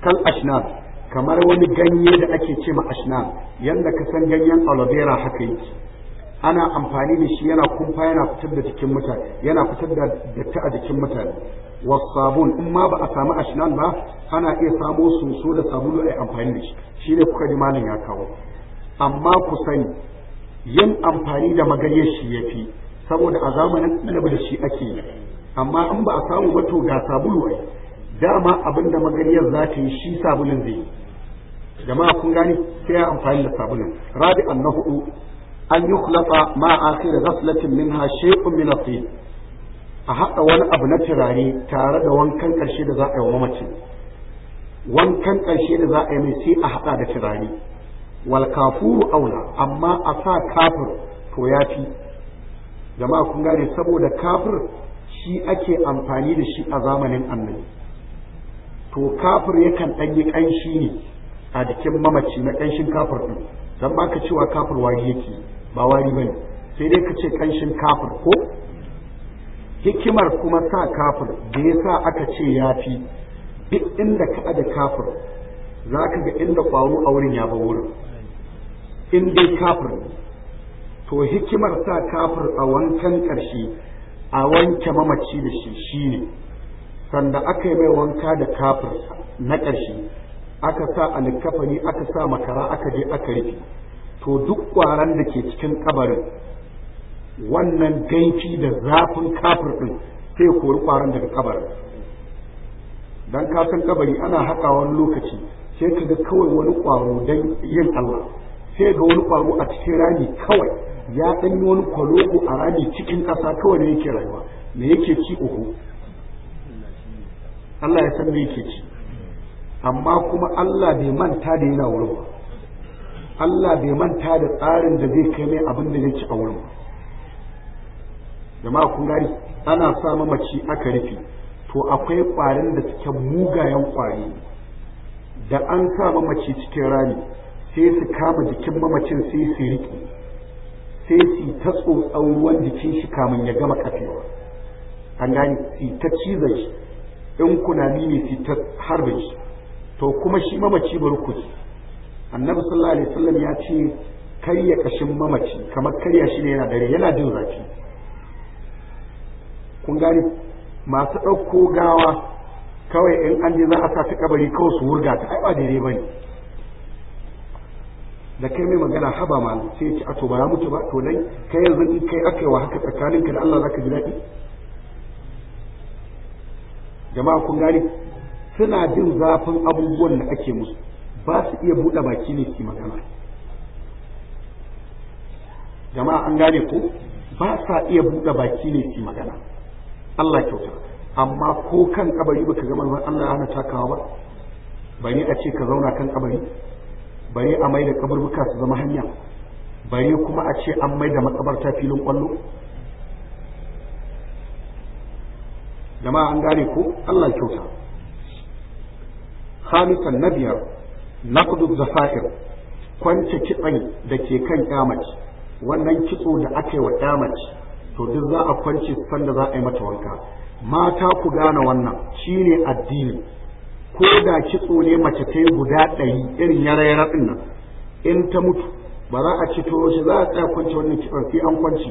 Speaker 1: kal ashnab kamar wani ganye da ake ce ma ashna yanda ka san ganyen aloe haka yi, ana amfani da shi yana kumfa yana fitar da jikin mutane yana fitar da datti a jikin mutane wasabun in ma ba a samu ashnan ba ana iya samo soso da sabulu a amfani da shi shi ne kuka ji malam ya kawo amma ku sani yin amfani da magariyar shi ya fi saboda a zamanin annabi da shi ake yi amma in ba a samu ba to ga sabulu ai dama abin da magariyar za ta yi shi sabulin zai yi jama'a kun gane sai ya amfani da sabulin rabi'an na hudu an yi khulafa ma akhir ghaslatin minha shay'un min asid a haɗa wani abu na turare tare da wankan ƙarshe da za a yi wa mamaci wankan ƙarshe da za a yi mai sai a haɗa da turare wal kafuru aula amma a sa kafir to ya fi jama'a kun gane saboda kafir shi ake amfani da shi a zamanin annabi to kafir yakan ɗan yi ƙanshi ne a jikin mamaci na ƙanshin kafir ɗin zan baka cewa kafir wari yake ba wari bane sai dai ka ce ƙanshin kafir ko hikimar kuma sa kafir da ya sa aka ce ya fi duk inda ka ada kafir za ka ga inda ƙwaro a wurin ya ba wurin in dai kafir to hikimar sa kafir a wankan ƙarshe a wanke mamaci da shi shi ne. sanda aka yi mai wanka da kafir na ƙarshe aka sa alikafani aka sa makara aka je aka rufe to duk ƙwaran da ke cikin kabarin wannan ganki da zafin kafir ɗin sai kori ƙwaran daga kabarin dan kasan kabari ana haƙa wani lokaci sai ka ga kawai wani ƙwaro don yin Allah sai ga wani ƙwaro a cikin rami kawai ya ɗanyi wani kwaloko a rami cikin ƙasa kawai ne yake rayuwa me yake ci uku Allah ya san me yake ci amma kuma Allah bai manta da yana wurin ba Allah bai manta da tsarin da zai kai mai abin da zai ci a wurin ba jama'a kun gari ana sa mamaci aka rufe to akwai ƙwarin da suke mugayen ƙwari da an sa mamaci cikin rami sai su kama jikin mamacin sai su riƙe sai su ta tsotsan ruwan jikin shi kamun ya gama kafewa an gani su ta cizon shi in kuna ne su ta harbe to kuma shi mamaci bari ku annabi sallallahu alaihi wasallam ya ce karya kashin mamaci kamar karya shi ne yana dare yana jin zafi kun gane masu ɗauko gawa kawai in an je za a sa ta kabari kawai su wurga ta ai ba daidai bane da kai mai magana haba ma sai ya ci a to ba mutu ba to dai kai yanzu in kai aka yi wa haka tsakaninka da Allah zaka ji daɗi jama'a kun gane suna jin zafin abubuwan da ake musu ba su iya buɗe baki ne su magana jama'a an gane ko ba sa iya buɗe baki ne su magana Allah kyauta amma ko kan kabari baka ga manzon Allah ya hana takawa ba bari a ce ka zauna kan kabari bari a mai da kaburbuka su zama hanya bari kuma a ce an mai da makabarta filin kwallo jama'a an gane ko Allah kyauta khamisan na biyar naqdu zafair kwance kitsan da ke kan kyamaci wannan kitso da aka yi wa kyamaci to duk za a kwance sanda za a yi mata wanka mata ku gane wannan shine addini ko da kitso ne mace ta yi guda ɗari irin yare din nan in ta mutu ba za a ci to shi za a tsaya kwance wannan kitson sai an kwance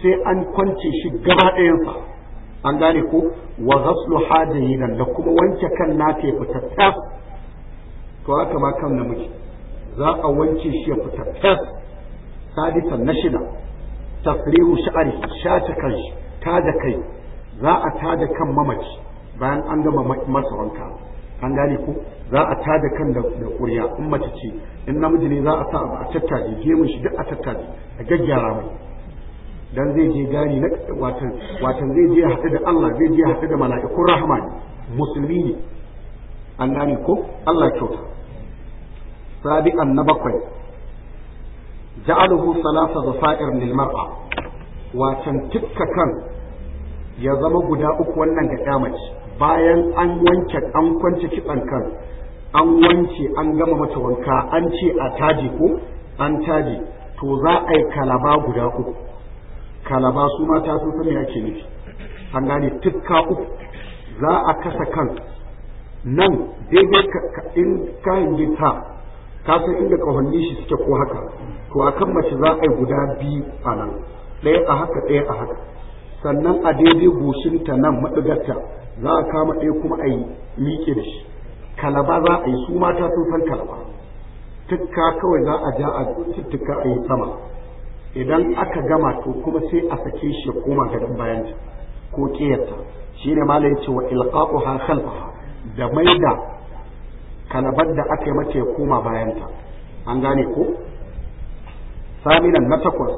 Speaker 1: sai an kwance shi gaba ɗayansa an gane ko wa ghaslu hadayinan da kuma wanke kan na ya fita to haka ma kan namiji za a wanke shi ya fita tas sadisan na shida tasrihu sha'ari shata ta tada kai za a tada kan mamaci bayan an gama masa wanka an gane ko za a tada kan da kuriya in mace ce in namiji ne za a sa a tattaje gemun shi duk a tattaje a gaggyara mai dan zai je gani na watan watan zai je haɗu da Allah zai je haɗu da mala'ikun rahman musulmi ne an gani ko Allah kyauta sabi'an na bakwai ja'aluhu salasa zafa'ir lil mar'a watan tikka kan ya zama guda uku wannan ga mace bayan an wanke an kwance kitson kan an wanke an gama mata wanka an ce a taji ko an taji to za a yi kalaba guda uku kalaba su ma ta sun sani ake nufi an gane tukka uku za a kasa kan nan daidai in kayan gita ka san inda kawanni shi suke ko haka to akan mace za a yi guda biyu a nan ɗaya a haka ɗaya a haka sannan a daidai goshinta nan maɗigarta za a kama ɗaya kuma a yi miƙe da shi kalaba za a yi su mata sun san kalaba tukka kawai za a ja a tukka a yi sama idan aka gama to kuma sai a sake shi ya koma garin bayan ko kiyarta shi ne malai ce wa ilqa'uha khalfaha da maida kalabar da aka yi mace ya koma bayanta an gane ko saminan na takwas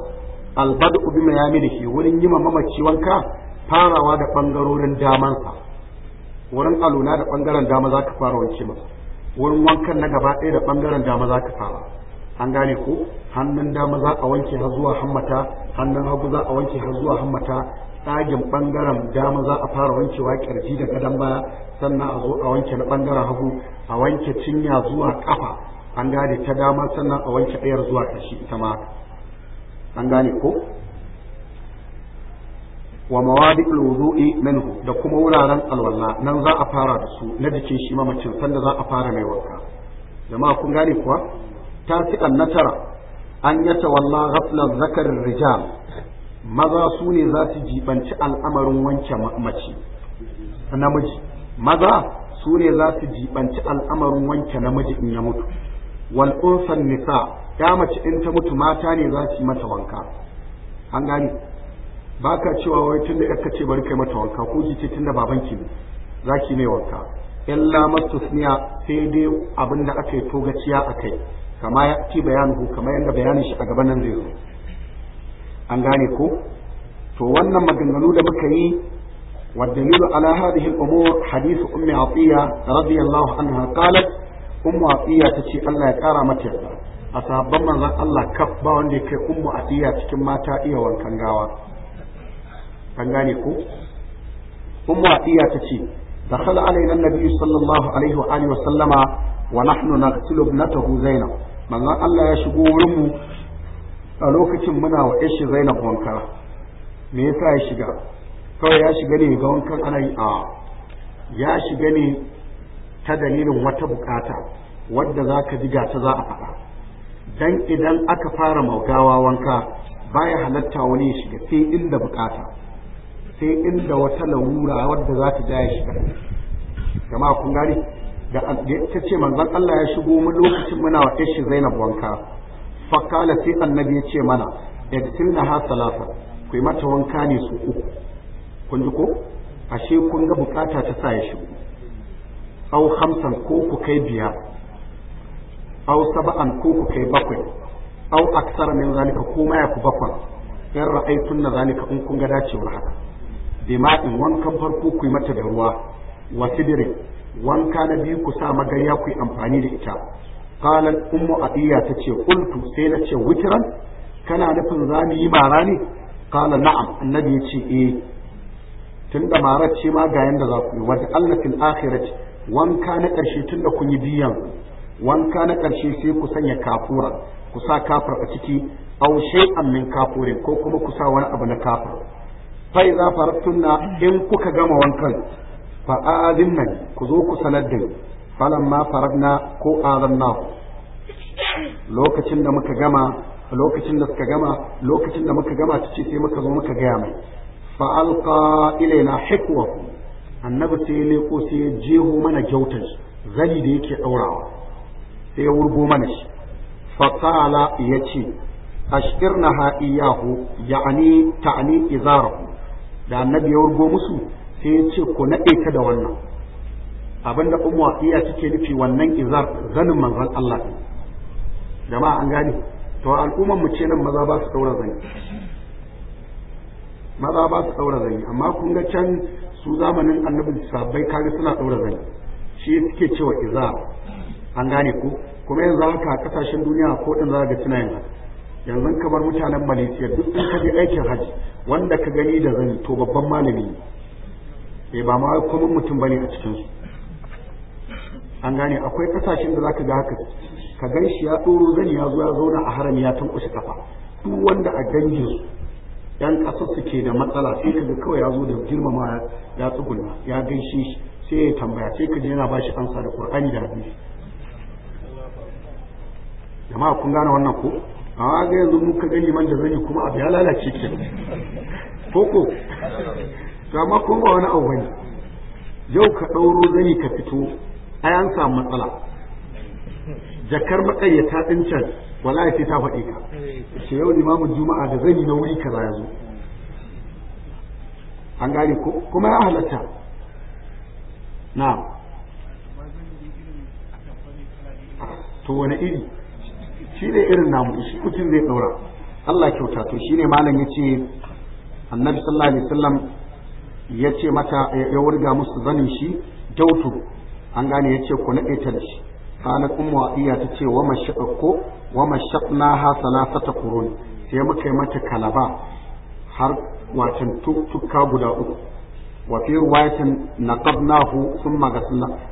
Speaker 1: albadu bi mayamilihi wurin yima mamaci wanka farawa da bangarorin damansa wurin aluna da ɓangaren dama za ka fara wanke masa wurin wankan na gaba ɗaya da ɓangaren dama za ka fara an gane ko hannun dama za a wanke har zuwa hammata hannun hagu za a wanke har zuwa hammata tsagin bangaren dama za a fara wankewa kirji da gadon baya sannan a zo a wanke na bangaren hagu a wanke cinya zuwa kafa an gane ta dama sannan a wanke ɗayar zuwa kashi ita ma an gane ko wa mawadi'ul wudu'i minhu da kuma wuraren alwala nan za a fara da su na jikin shi mamacin sanda za a fara mai wanka jama'a kun gane kuwa tasiqan na tara an yata walla ghaflan zakarin rijal maza su ne za su jibanci al'amarin wanke mace namiji maza su ne za su jibanci al'amarin wanke namiji in ya mutu wal unsan nisa ya mace in ta mutu mata ne za su yi mata wanka an gani ba ka cewa wai tun da ka ce bari kai mata wanka ko ki ce tun da babanki ne za ki mai wanka illa mastusniya sai dai abin da aka yi togaciya a kai kama ya fi bayanuhu kamar yadda bayanin shi a gaban nan zai zo an gane ko to wannan maganganu da muka yi والدليل على هذه الأمور حديث أم عطية رضي الله عنها قالت أم عطية تشي الله يكارا متى أصحاب من الله كف باوندي كي أم عطية تكما تائية والكنغاوة كنغانيكو أم عطية تشي دخل علينا النبي صلى الله عليه وآله وسلم ونحن نغسل ابنته زينب manzon Allah ya shigo wurin a lokacin muna wa ishi Zainab wanka me yasa ya shiga kawai ya shiga ne ga wankan ana yi a ya shiga ne ta dalilin wata bukata wadda za ka ji ta za a faɗa dan idan aka fara maugawa wanka baya halatta wani ya shiga sai inda bukata sai inda wata larura wadda za ta ja ya shiga jama'a kun gane da ta ce manzon Allah ya shigo mu lokacin muna wa ishi Zainab wanka fakala sai annabi ya ce mana igsilna ha salasa ku yi mata wanka ne su uku kun ji ko ashe kun ga bukata ta sa ya shigo au hamsan ko ku kai biya? au saba'an ko ku kai bakwai au aksar min zalika ko ma ya ku bakwai in ra'aytun na zalika in kun ga dacewar haka bima'in wankan farko ku yi mata da ruwa wa sidirin wanka na biyu ku sa magarya ku yi amfani da ita qalat ummu atiya tace qultu sai na ce witran kana nufin za mu yi mara ne qala na'am annabi yace eh tunda mara ce ma ga yanda za ku yi wata Allah akhirati wanka na karshe tunda kun yi biyan wanka na karshe sai ku sanya kafura ku sa kafar a ciki aw shay'an min kafurin ko kuma ku sa wani abu na kafur fa idza faraktunna in kuka gama wankan fa nan ku zo ku sanar da ni ma faragna ko azanna lokacin da muka gama lokacin da suka gama lokacin da muka gama tace sai muka zo muka gaya mai fa alqa ilaina hikwa annabi sai ya ko sai jeho mana gyautar zali da yake daurawa sai ya wurgo mana shi fa qala yace ashirnaha iyahu ya'ni ta'ni izarahu da annabi ya wurgo musu sai ya ce ku naɗe ta da wannan abinda ummu iya cike nufi wannan izar zanin manzon Allah jama'a an gane to al'umman mu ce nan maza ba su daura zani maza ba su daura zani amma kun ga can su zamanin annabi sabbai kare suna daura zani shi suke cewa izar an gane ko kuma yanzu haka kasashen duniya ko din za ga suna yin yanzu kamar mutanen Malaysia duk sun kaje aikin haji wanda ka gani da zani to babban malami ne sai eh, ba ma kullum mutum bane a cikin su an gane akwai kasashen da zaka ga haka ka gan shi ya tsoro zani ya zo ya zauna a harami ya tankwashe kafa duk wanda a dangin su yan kasar su da matsala sai ka ga kawai ya zo da girmama ya tsugunna, ya gaishe shi sai ya tambaya sai ka je yana ba shi amsa da qur'ani da hadisi jama'a kun gane wannan ko a ga yanzu muka ka gani man da zani kuma abu ya lalace ke ko to amma kun ba wani abu bane yau ka ɗauro zani ka fito ai an samu matsala jakar maƙayyata ɗin can wallahi sai ta faɗi ka ce yau limamin juma'a da zani na wuri kaza ya zo an gane ko kuma ya halatta na to wani iri shi ne irin namu shi mutum zai ɗaura Allah kyauta to shi ne malam ya ce, annabi sallallahu alaihi wasallam ya ce mata ya wurga musu zanin shi dautu an gane ya ce ku naɗe ta da shi qalat ummu iya ta ce wa mashaqqo wa mashaqnaha salasata qurun sai muka yi mata kalaba har watan tukka guda uku wa fi riwayatin naqabnahu thumma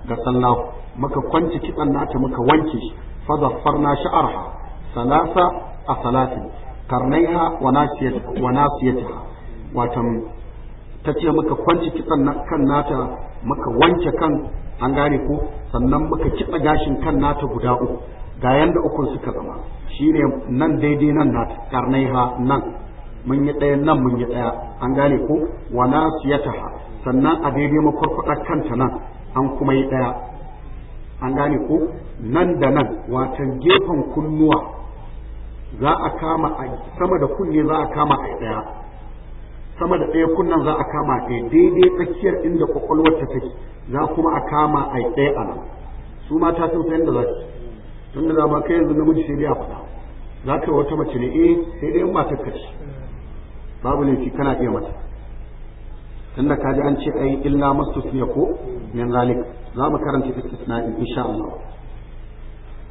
Speaker 1: gasallahu muka kwanci kitsan nata muka wanke shi fa zaffarna sha'arha salasa a salatin karnaiha wa nasiyataha watan ta ce maka kwanci kitsan kan nata maka wanke kan an gane ko sannan maka kitsa gashin kan nata guda uku ga yanda ukun suka zama shine nan daidai nan nata karnai ha nan mun yi ɗaya nan mun yi ɗaya an gane ko wa taha? sannan a daidai makwarkwaɗa kanta nan an kuma yi ɗaya an gane ko nan da nan watan gefen kunnuwa za a kama sama da kunne za a kama a ɗaya sama da ɗaya kunnan za a kama ɗaya daidai tsakiyar inda kwakwalwar ta take za kuma a kama a ɗaya a nan su mata sun san da za su tun da zama kai yanzu namiji sai dai a faɗa za ka wata mace ne eh sai dai in matar ka ce babu laifi kana iya mata da ka ji an ce ai illa ya ko min zalik za mu karanta istisna in insha Allah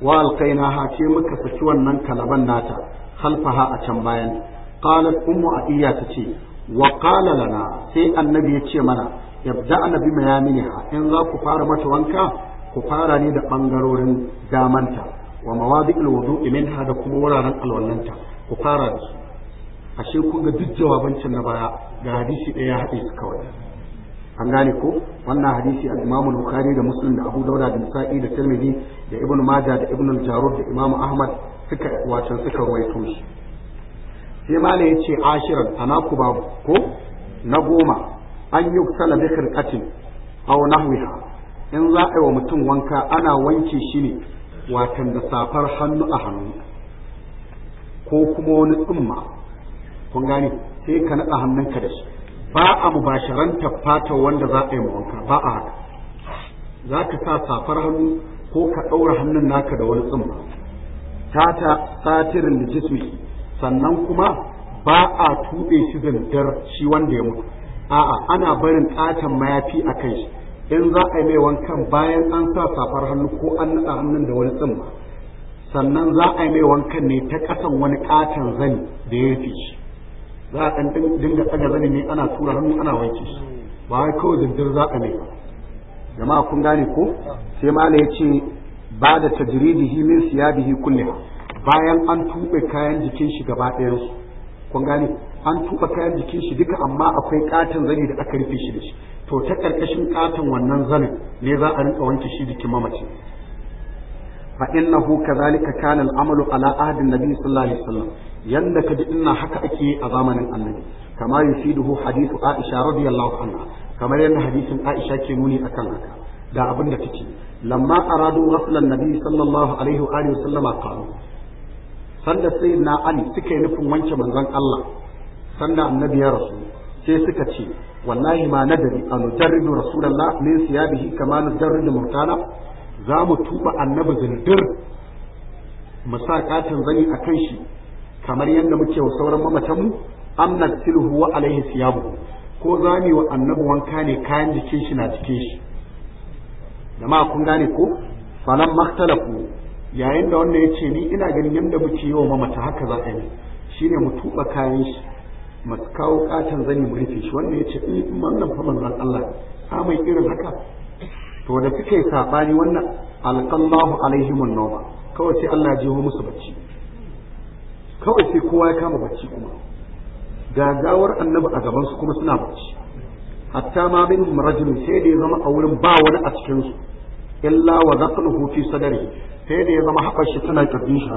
Speaker 1: wa alqaina ha ce muka saki wannan kalaban nata khalfaha a can bayan qalat ummu aiya tace wa qala lana sai annabi ya ce mana yabda'na bi mayaminiha in za ku fara mata wanka ku fara ne da bangarorin damanta wa mawadi'il wudu'i minha da kuma wuraren alwallanta ku fara da su ashe kun ga duk jawabancin na baya ga hadisi ɗaya ya haɗe su kawai an gane ko wannan hadisi al Imam Bukhari da Muslim da Abu Dawud da Nasa'i da Tirmidhi da Ibn Majah da Ibn jarud da Imam Ahmad suka wato suka rawaito shi sai ma ya ce ashiran ana ku babu ko na goma an yi sala bi khirqatin aw nahwiha in za a yi wa mutum wanka ana wanke shi ne watan da safar hannu a hannu ko kuma wani tsumma kun gane sai ka naɗa hannunka da shi ba a mubasharanta fata wanda za a yi ma wanka ba a haka za ka sa safar hannu ko ka ɗaura hannun naka da wani tsumma tata satirin da sannan kuma ba a tuɓe shi zantar shi wanda ya mutu a'a ana barin ƙaton mayafi a kai shi in za a yi mai wankan bayan an sa safar hannu ko an naɗa hannun da wani tsimma sannan za a yi mai wankan ne ta ƙasan wani ƙaton zani da ya fi shi za a ɗan dinga tsaga zani ne ana tura hannu ana wanke shi ba wai kawai zindir za a mai jama'a kun gane ko sai mala ya ce ba da tajridihi min siyabihi kulliha bayan an tuɓe kayan jikin shi gaba ɗayansu kun gane an tuɓe kayan jikin shi duka amma akwai katon zani da aka rufe shi da shi to ta ƙarƙashin ƙaton wannan zanin ne za a rinka wanke shi jikin mamaci fa innahu kadhalika kana al-amalu ala ahdi an-nabi sallallahu alaihi wasallam yanda kaji ina haka ake a zamanin annabi kama yufiduhu hadithu aisha radiyallahu anha kamar yadda hadisin aisha ke nuni akan haka da abin da take lamma aradu ghaslan nabi sallallahu alaihi wa alihi wasallama qalu sanda sai na ali suka yi nufin wanke manzon Allah sanda annabi ya rasu sai suka ce wallahi ma nadari an jarridu rasulullah min siyabihi kama nujarridu murtala za mu tuba annabi zindir mu sa katin zani a kan shi kamar yadda muke wa sauran mamatanmu am tilhu wa alaihi siyabu ko za mu wa annabi wanka ne kayan jikin shi na cikin shi da ma kun gane ko falan maktalafu yayin da wanda ya ce ni ina ganin yadda muke yi wa mamata haka za a yi shine mu tuba kayan shi masu kawo katon zani mu rufe shi wanda ya ce in wannan fa manzon Allah ta mai irin haka to da suke sabani wannan alƙallahu alaihim an noma kawai sai Allah ya musu bacci kawai sai kowa ya kama bacci kuma gagawar annabi a gabansu kuma suna bacci hatta ma bin rajulun sai da ya zama a wurin ba wani a cikinsu. illa wa zaqluhu fi sadri sai da ya zama haɓar shi tana kirjin shi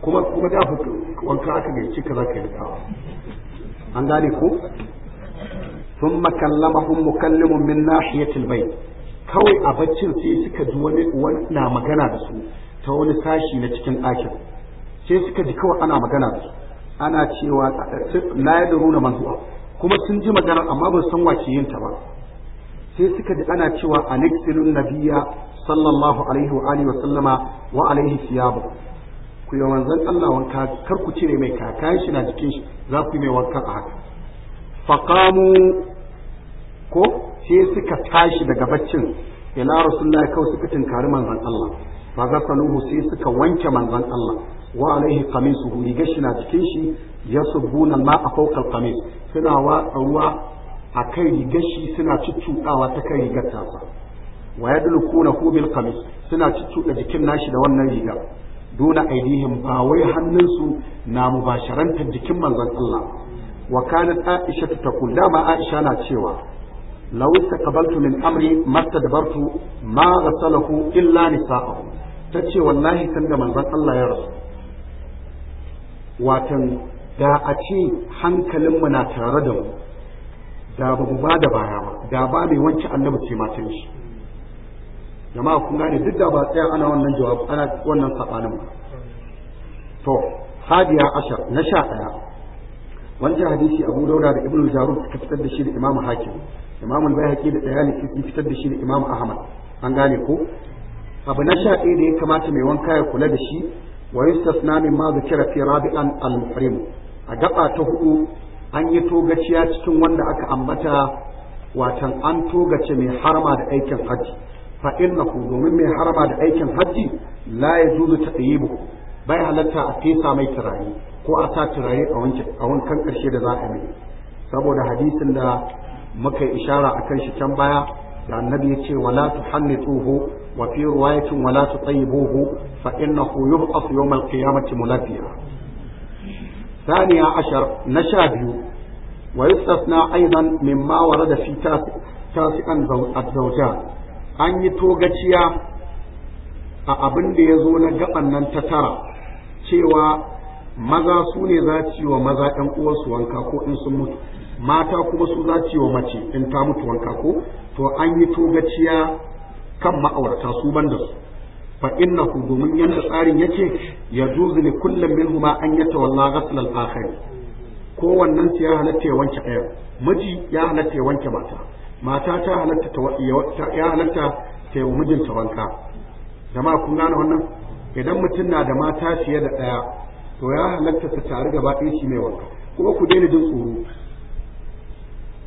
Speaker 1: kuma kuma da wanka aka ga cika za ka yi an gane ko thumma makallamahun mukallimun min nahiyatil bayt kawai a baccin sai suka ji wani wanda magana da su ta wani sashi na cikin ɗakin sai suka ji kawai ana magana da su ana cewa na yadda man manzuwa kuma sun ji magana amma ba san wace yin ta ba sai suka ji ana cewa aliktilun nabiya sallallahu alaihi wa alihi wa sallama wa alaihi siyabu ku yi manzon Allah wanka kar ku cire mai kakan shi na jikin shi za ku yi mai wanka a haka faqamu ko sai suka tashi daga baccin ila rasulullahi kawai suka tinkari manzon Allah fa nuhu sai suka wanke manzon Allah wa alaihi qamisuhu rigar shi na jikin shi yasubuna ma'a fawqa al-qamis suna watsa ruwa a kan rigar shi suna cuccuɗawa ta kan rigar tasa wa ya dulu kuna bil kamis suna cuccuɗa jikin nashi da wannan riga duna ainihin ba wai hannunsu na mubasharantar jikin manzon Allah wa kana Aisha ta kul dama Aisha na cewa law istaqbaltu min amri tadbartu ma ghasalahu illa nisa'ahu tace wallahi sanda manzon Allah ya rasu watan da a ce hankalinmu na tare da mu da ba mu ba da baya ba da ba mai wancan annabi ce matan shi jama'a kun gane duk da ba tsaya ana wannan jawabi ana wannan sabanin ba to hadiya ashar na sha daya wancan hadisi Abu Dauda da ibnu Jarud suka fitar da shi da imamu Hakim imamu bai da tsayani sun fitar da shi da Imam Ahmad an gane ko abu na sha ɗaya da ya kamata mai wanka ya kula da shi wa yustasna ma zikira fi rabi'an al-muhrim a gaba ta hudu an yi togaciya cikin wanda aka ambata watan an togace mai harma da aikin hajji fa ku domin mai harma da aikin hajji la ya yajuzu tadyibu bai halatta a fesa mai turare ko a sa turare a wanke a wankan karshe da za a yi saboda hadisin da muka yi ishara kan shi can baya da annabi ya ce wala tsoho, wa fi riwayatin wala tutayyibuhu fa innahu yub'ath yawm al-qiyamati mulafiya ثانية عشر نشابه ويستثنى أيضا مما ورد في تاسعا الزوجات أن يتوغتيا أبن ليزون قبنا تترى cewa maza su ne za ci wa maza ɗan uwarsu wanka ko in sun mutu mata kuma su za ci wa mace in ta mutu wanka ko to an yi togaciya kan ma'aurata su ban da su fa innahu domin yanda tsarin yake ya juzu li kullum min ma an yatawalla ghasl al akhari kowannen su ya halatta ya wanke ɗaya miji ya halatta ya wanke mata mata ta halatta ta ya halatta ta yi mijinta wanka jama'a na gane wannan idan mutum na da mata fiye da ɗaya to ya halatta ta tare gaba ɗaya shi mai wanka ko ku daina jin tsoro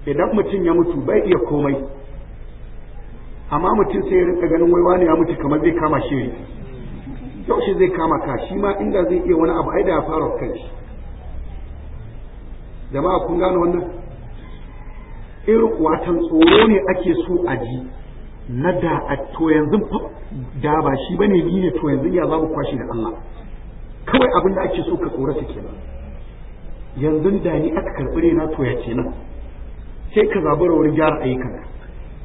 Speaker 1: idan mutum ya mutu bai iya komai amma mutum sai ya rinka ganin waiwa wani ya mutu kamar zai kama shiri shi zai kama ka shi ma inda zai iya wani abu aida ya fara kan shi jama'a kun gano wannan irin watan tsoro ne ake so a ji na da a to yanzu da ba shi bane ni ne to yanzu ya zama kwashe kwashi da Allah kawai abin da ake so ka tsorata kenan yanzu da ni aka karɓi rena to ya ce nan sai ka zaɓi rawar gyara ayyukan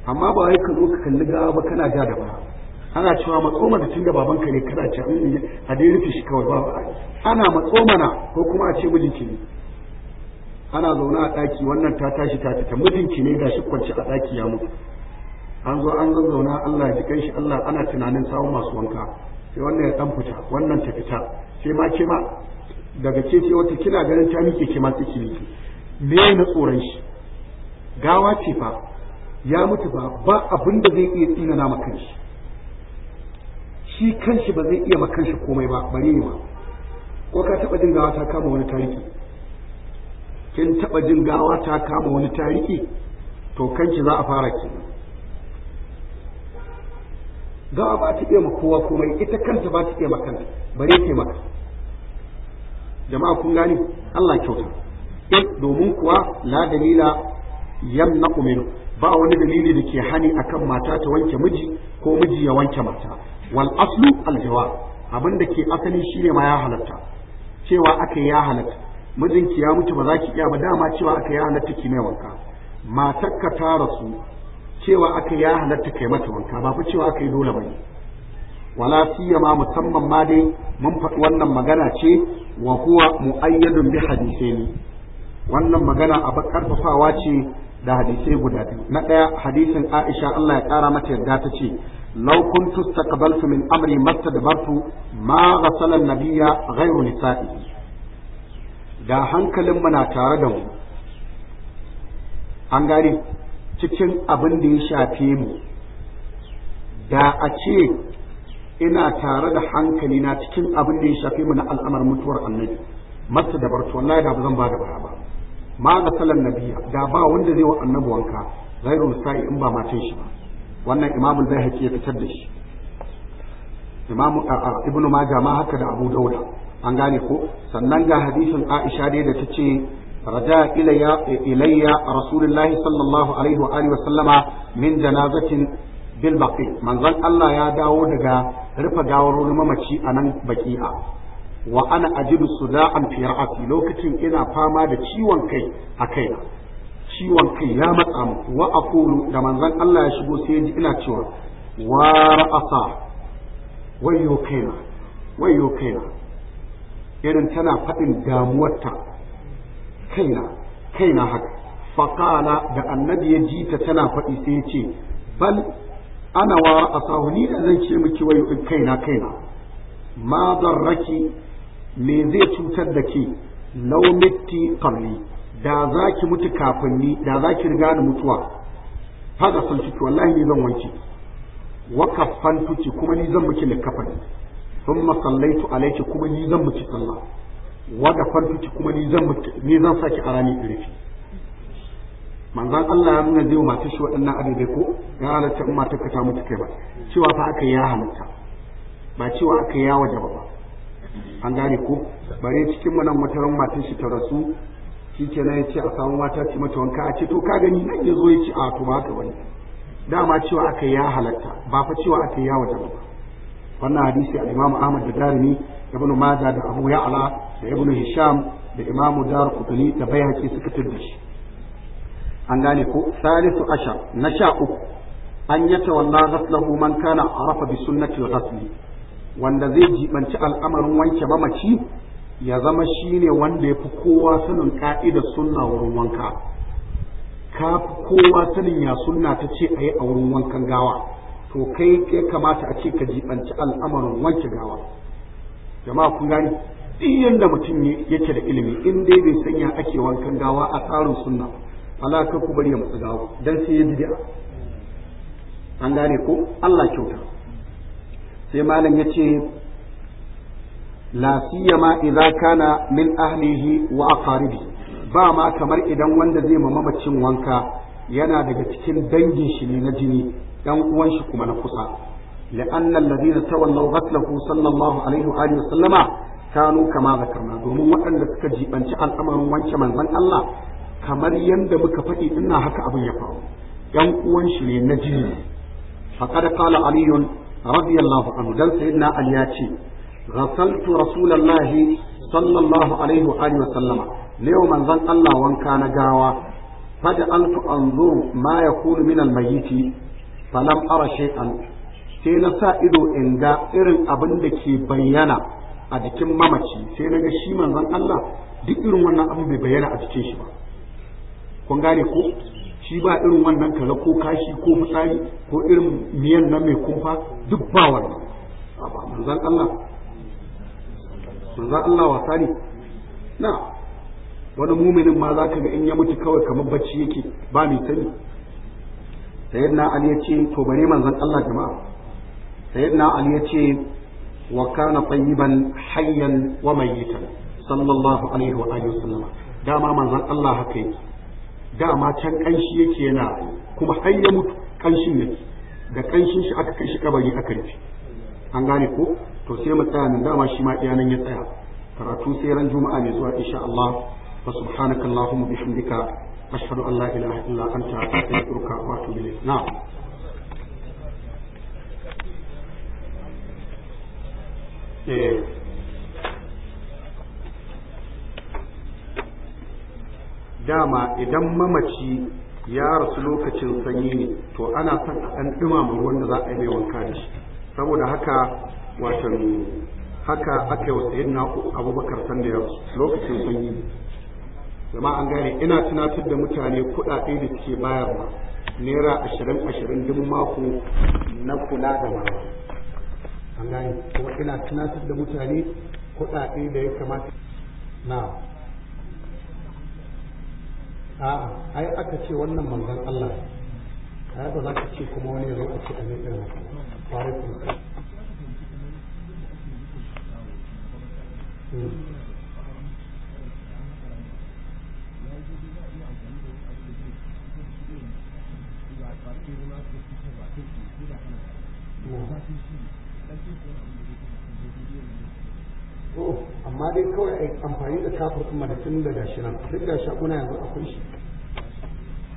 Speaker 1: amma ba wai ka zo ka kalli gawa ba kana ja da ba ana cewa matso mana tunda baban ka ne kana ce eh, a dai rufe shi kawai ba ana matso mana ko kuma a ce mijinki ne ana zaune a ɗaki wannan ta tashi ta fita mijinki ne gashi kwance a ɗaki ya mutu an zo an zazzauna Allah ya shi Allah ana tunanin sawun masu wanka sai wannan ya dan fita wannan ta fita sai ma ke ma daga ce ce wata kina ganin ta miƙe ke ma tsiki ne me na tsoron shi gawa ce fa ya mutu ba ba abin da zai iya tsina na makanshi shi kanshi ba zai iya makanshi komai ba bare ne ba. ko ka taba jin gawa ta kama wani tariki kin taba jin gawa ta kama wani tariki to kanki za a fara ki gawa ba ta iya ma kowa komai ita kanta ba ta iya ma kanta bare ke maka jama'a kun gani Allah kyauta eh, domin kuwa la dalila yamna minhu ba wani dalili da ke hani akan mata ta wanke miji ko miji ya wanke mata wal aslu al abin da ke asali shine ma ya halatta cewa aka ya halatta mijinki ya mutu ba za ki iya ba dama cewa aka ya halatta ki mai wanka matarka ta rasu cewa aka ya halatta kai mata wanka ba fa cewa aka yi dole bane wala ma musamman ma dai mun faɗi wannan magana ce wa huwa mu'ayyadun bi ne. wannan magana a karfafawa ce da hadisai guda biyu na ɗaya hadisin Aisha Allah ya ƙara mata yarda ta ce law kuntu taqabaltu min amri mastadbartu ma ghasala nabiyya ghayru nisa'i da hankalin mu na tare da mu an gane cikin abin da ya shafe mu da a ce ina tare da hankali na cikin abin da ya shafe mu na al'amar mutuwar annabi mastadbartu wallahi da ba zan ba da ba ma ga salan da ba wanda zai wa annabi wanka ghairul sa'i in ba matan shi ba wannan imamu bayhaqi ya fitar da shi imamu ma haka da abu dauda an gane ko sannan da hadisin aisha dai da ta ce ilayya ilayya rasulullah sallallahu alaihi wa wa sallama min janazatin bil baqi manzon Allah ya dawo daga rufe gawar wani mamaci a nan baqi'a wa ana ajidu suda'an fi ra'ati lokacin ina fama da ciwon kai a kaina ciwon kai ya matsa mu wa aqulu da manzon Allah ya shigo sai ji ina cewa wa ra'asa wayyo kaina wayyo kaina irin tana faɗin damuwarta kaina kaina haka faƙala da annabi ya ji ta tana faɗi sai ya ce bal ana wa ra'asa ni da zan ce miki wayyo kaina kaina ma darraki me zai cutar da ke launitti qabli da za ki mutu kafin ni da za ki riga ni mutuwa haka sun ciki wallahi ne zan wanki wa kaffantuki kuma ni zan miki likafan thumma sallaitu alaiki kuma ni zan miki sallah wa dafantuki kuma ni zan ni zan saki arani irfi manzan Allah ya nuna zai mata shi waɗannan abubuwa ko ya halatta in matar ka ta mutu kai ba cewa fa aka yi ya halatta ba cewa aka yi ya waje ba an gane ko bare cikin nan mutaran matan shi ta rasu shi ke nan ya ce a samu mata ci mata wanka a ce to ka gani nan ya zo a to ba ka bane dama cewa aka ya halatta ba fa cewa aka ya wata ba wannan hadisi al imamu ahmad da darimi ibn majah da abu ya'la da ibn hisham da imamu dar qutni da bayhaqi suka tudda shi an gane ko salisu asha na sha uku an yata walla ghaslahu man kana arafa bi sunnati al wanda zai jibanci al'amarin wanke mamaci ya zama shi ne wanda ya fi kowa sanin ka'ida sunna wurin wanka ka fi kowa sanin ya sunna ta ce a yi a wurin wankan gawa to kai kai kamata a ce ka jibanci al'amarin wanke gawa jama'a kun gani duk yanda mutum yake da ilimi in dai bai sanya ake wankan gawa a tsarin sunna Allah ka ku bari ya matsa gawa dan sai ya bid'a an gane ko Allah kyauta sai malam ya ce lafiyama idza kana min ahlihi wa aqaribi ba ma kamar idan wanda zai ma mamacin wanka yana daga cikin dangin shi ne na jini dan uwan kuma na kusa la'anna alladhina tawallaw ghaslahu sallallahu alaihi wa alihi wasallama kanu kama domin waɗanda suka jibanci al'amarin wanke manzon Allah kamar yadda muka faɗi ina haka abin ya faru ‘yan uwan ne na jini faƙar kala aliyun radiyallahu anhu dan sayyidina ali ya ce ghasaltu rasulullahi sallallahu alaihi wa alihi wa sallama lewa Allah wanka na gawa fada alfu anzuru ma yakunu min almayyiti falam ara shay'an sai na sa ido in ga irin abin da ke bayyana a jikin mamaci sai na ga shi manzon Allah duk irin wannan abu bai bayyana a jikin shi ba kun gane ko shi ba irin wannan kala ko kashi ko fitsari ko irin miyan nan mai kumfa duk ba wannan manzan Allah manzan Allah wasa ne na wani muminin ma za ka ga in ya mutu kawai kamar bacci yake ba mai sani sayyidina ali ya ce to bare manzan Allah jama'a sayyidina ali ya ce wa kana tayyiban hayyan wa mayyitan sallallahu alaihi wa alihi dama manzan Allah haka yake dama can kanshi yake yana kuma har ya mutu kanshin yake da kanshin shi aka kai shi kabari aka rufe an gane ko to sai mu tsaya nan dama shi ma iyanan ya tsaya karatu sai ran juma'a ne zuwa insha Allah wa subhanaka allahumma bihamdika ashhadu an la ilaha illa anta astaghfiruka wa atubu ilayk na'am eh dama idan mamaci ya rasu lokacin sanyi ne to ana son a ɗan ɗumama ruwan da za a yi mai wanka da shi saboda haka watan haka aka yi wa na abubakar sanda ya rasu lokacin sanyi ne zama an gane ina tunatar da mutane kuɗaɗe da suke bayarwa naira ashirin ashirin duk mako na kula da mara an gane kuma ina tunatar da mutane kuɗaɗe da ya kamata na a'a ai aka ce wannan manzon Allah ai ba za ka ce kuma wani ya zo a ce a ne irin fare kuma
Speaker 2: Thank hmm. you.
Speaker 1: Hmm. Oh, amma dai kawai a amfani da kafar kuma da tun da gashi nan duk da shakuna yanzu akwai shi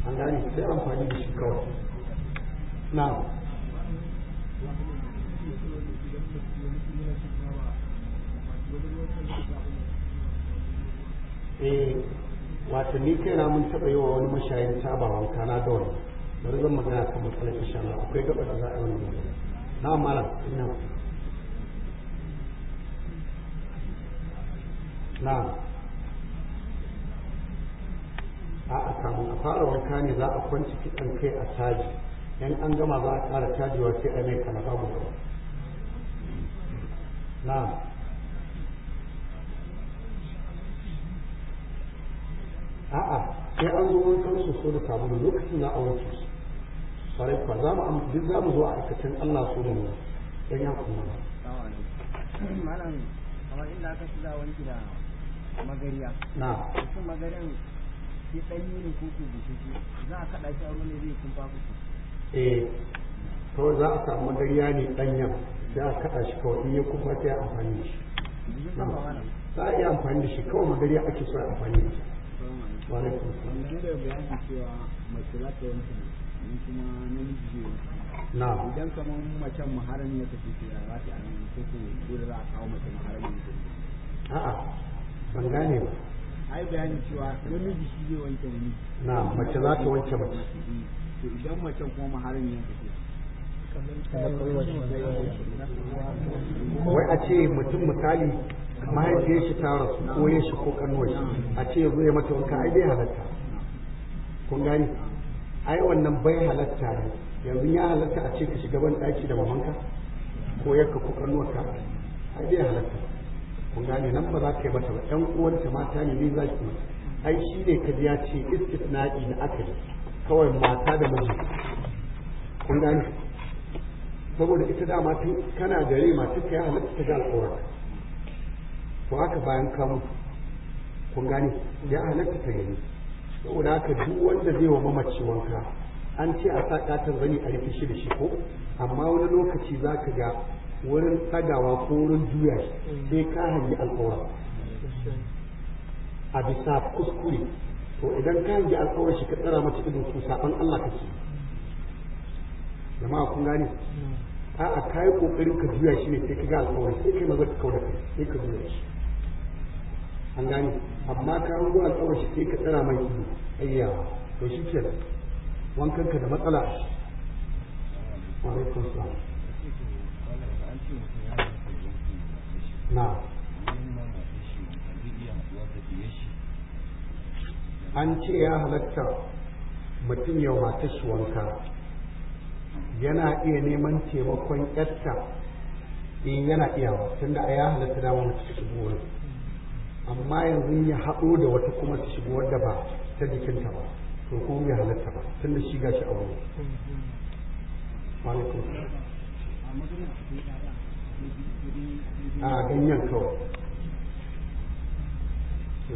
Speaker 1: an gane sai amfani da shi kawai na eh wato ni kai na mun taɓa yi wa wani mashayin taba wanka na da wani bari zan magana kuma matsalar insha akwai gaba da za a yi wani magana na malam ina na'am a samu a fara wanka ne za a kwanci kiɗan kai a caji, yan an gama za a ƙara a a'a sai an zo wankan su so da sabulu lokacin na a wanke su farai za mu duk za mu zo a aikacin Allah so da mu dan yan kuma
Speaker 2: malam kamar inda aka shiga wanki gida. magariya na mutum dan ko ko za a kada shi a zai
Speaker 1: kun eh to za a samu magariya ne danyen sai a kada shi ko in ya kufa sai a amfani da shi za a iya amfani da shi kawai magariya ake so a amfani da shi da cewa mace za ta kuma namiji zai na idan kamar macen muharram ya tafi ya za ta ko ko dole za a kawo mace muharram
Speaker 2: a'a ban gane ba
Speaker 1: ai bayanin cewa namiji shi zai wanke namiji na mace za ta wanke mace to idan mace kuma maharin ya kace wai a ce mutum misali mahaifiyar shi ta rasu ko yin shi ko kanuwar shi a ce ya zo mata wanka ai bai halatta kun gani ai wannan bai halatta ne yanzu ya halatta a ce ka shiga ban daki da mamanka ko yakka ko kanuwarka ai bai halatta kun gane nan ba za ka yi mata ba ɗan uwanta mata ne ne za ki mata ai shi ne ka biya ce istisna'i na aka yi kawai mata da miji kun gane saboda ita dama tun kana gare ma ka ya halatta ta ga alƙawar ko haka bayan kamu kun gane ya halatta ta gani saboda haka duk wanda zai wa mamaci wanka an ce a sa ƙatar zani a rikishi da shi ko amma wani lokaci za ka ga wurin tagawa ko wurin juya mm. sai ka hangi al'aura a bisa kuskure to idan ka hangi al'aura shi ka tsara mata idan su saban Allah kake jama'a kun gane mm. a'a ka yi kokarin ka juya shi ne sai ka ga al'aura sai kai maza ka kauda sai ka juya shi an gane amma ka hango al'aura shi sai ka tsara mai ido ayya to shi ke wankanka da matsala alaikum salam an ce ya halatta mutum ya mata shi wanka yana iya neman taimakon yarta in eh, yana ba, tunda a ya halatta dama mace shigo wani amma yanzu ya haɗo da wata kuma ta shigo wadda ba ta jikinta ba to ko ya halatta ba tunda shi gashi a wani
Speaker 2: a ganyen kawai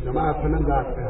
Speaker 2: jama'a sanan za a tsaya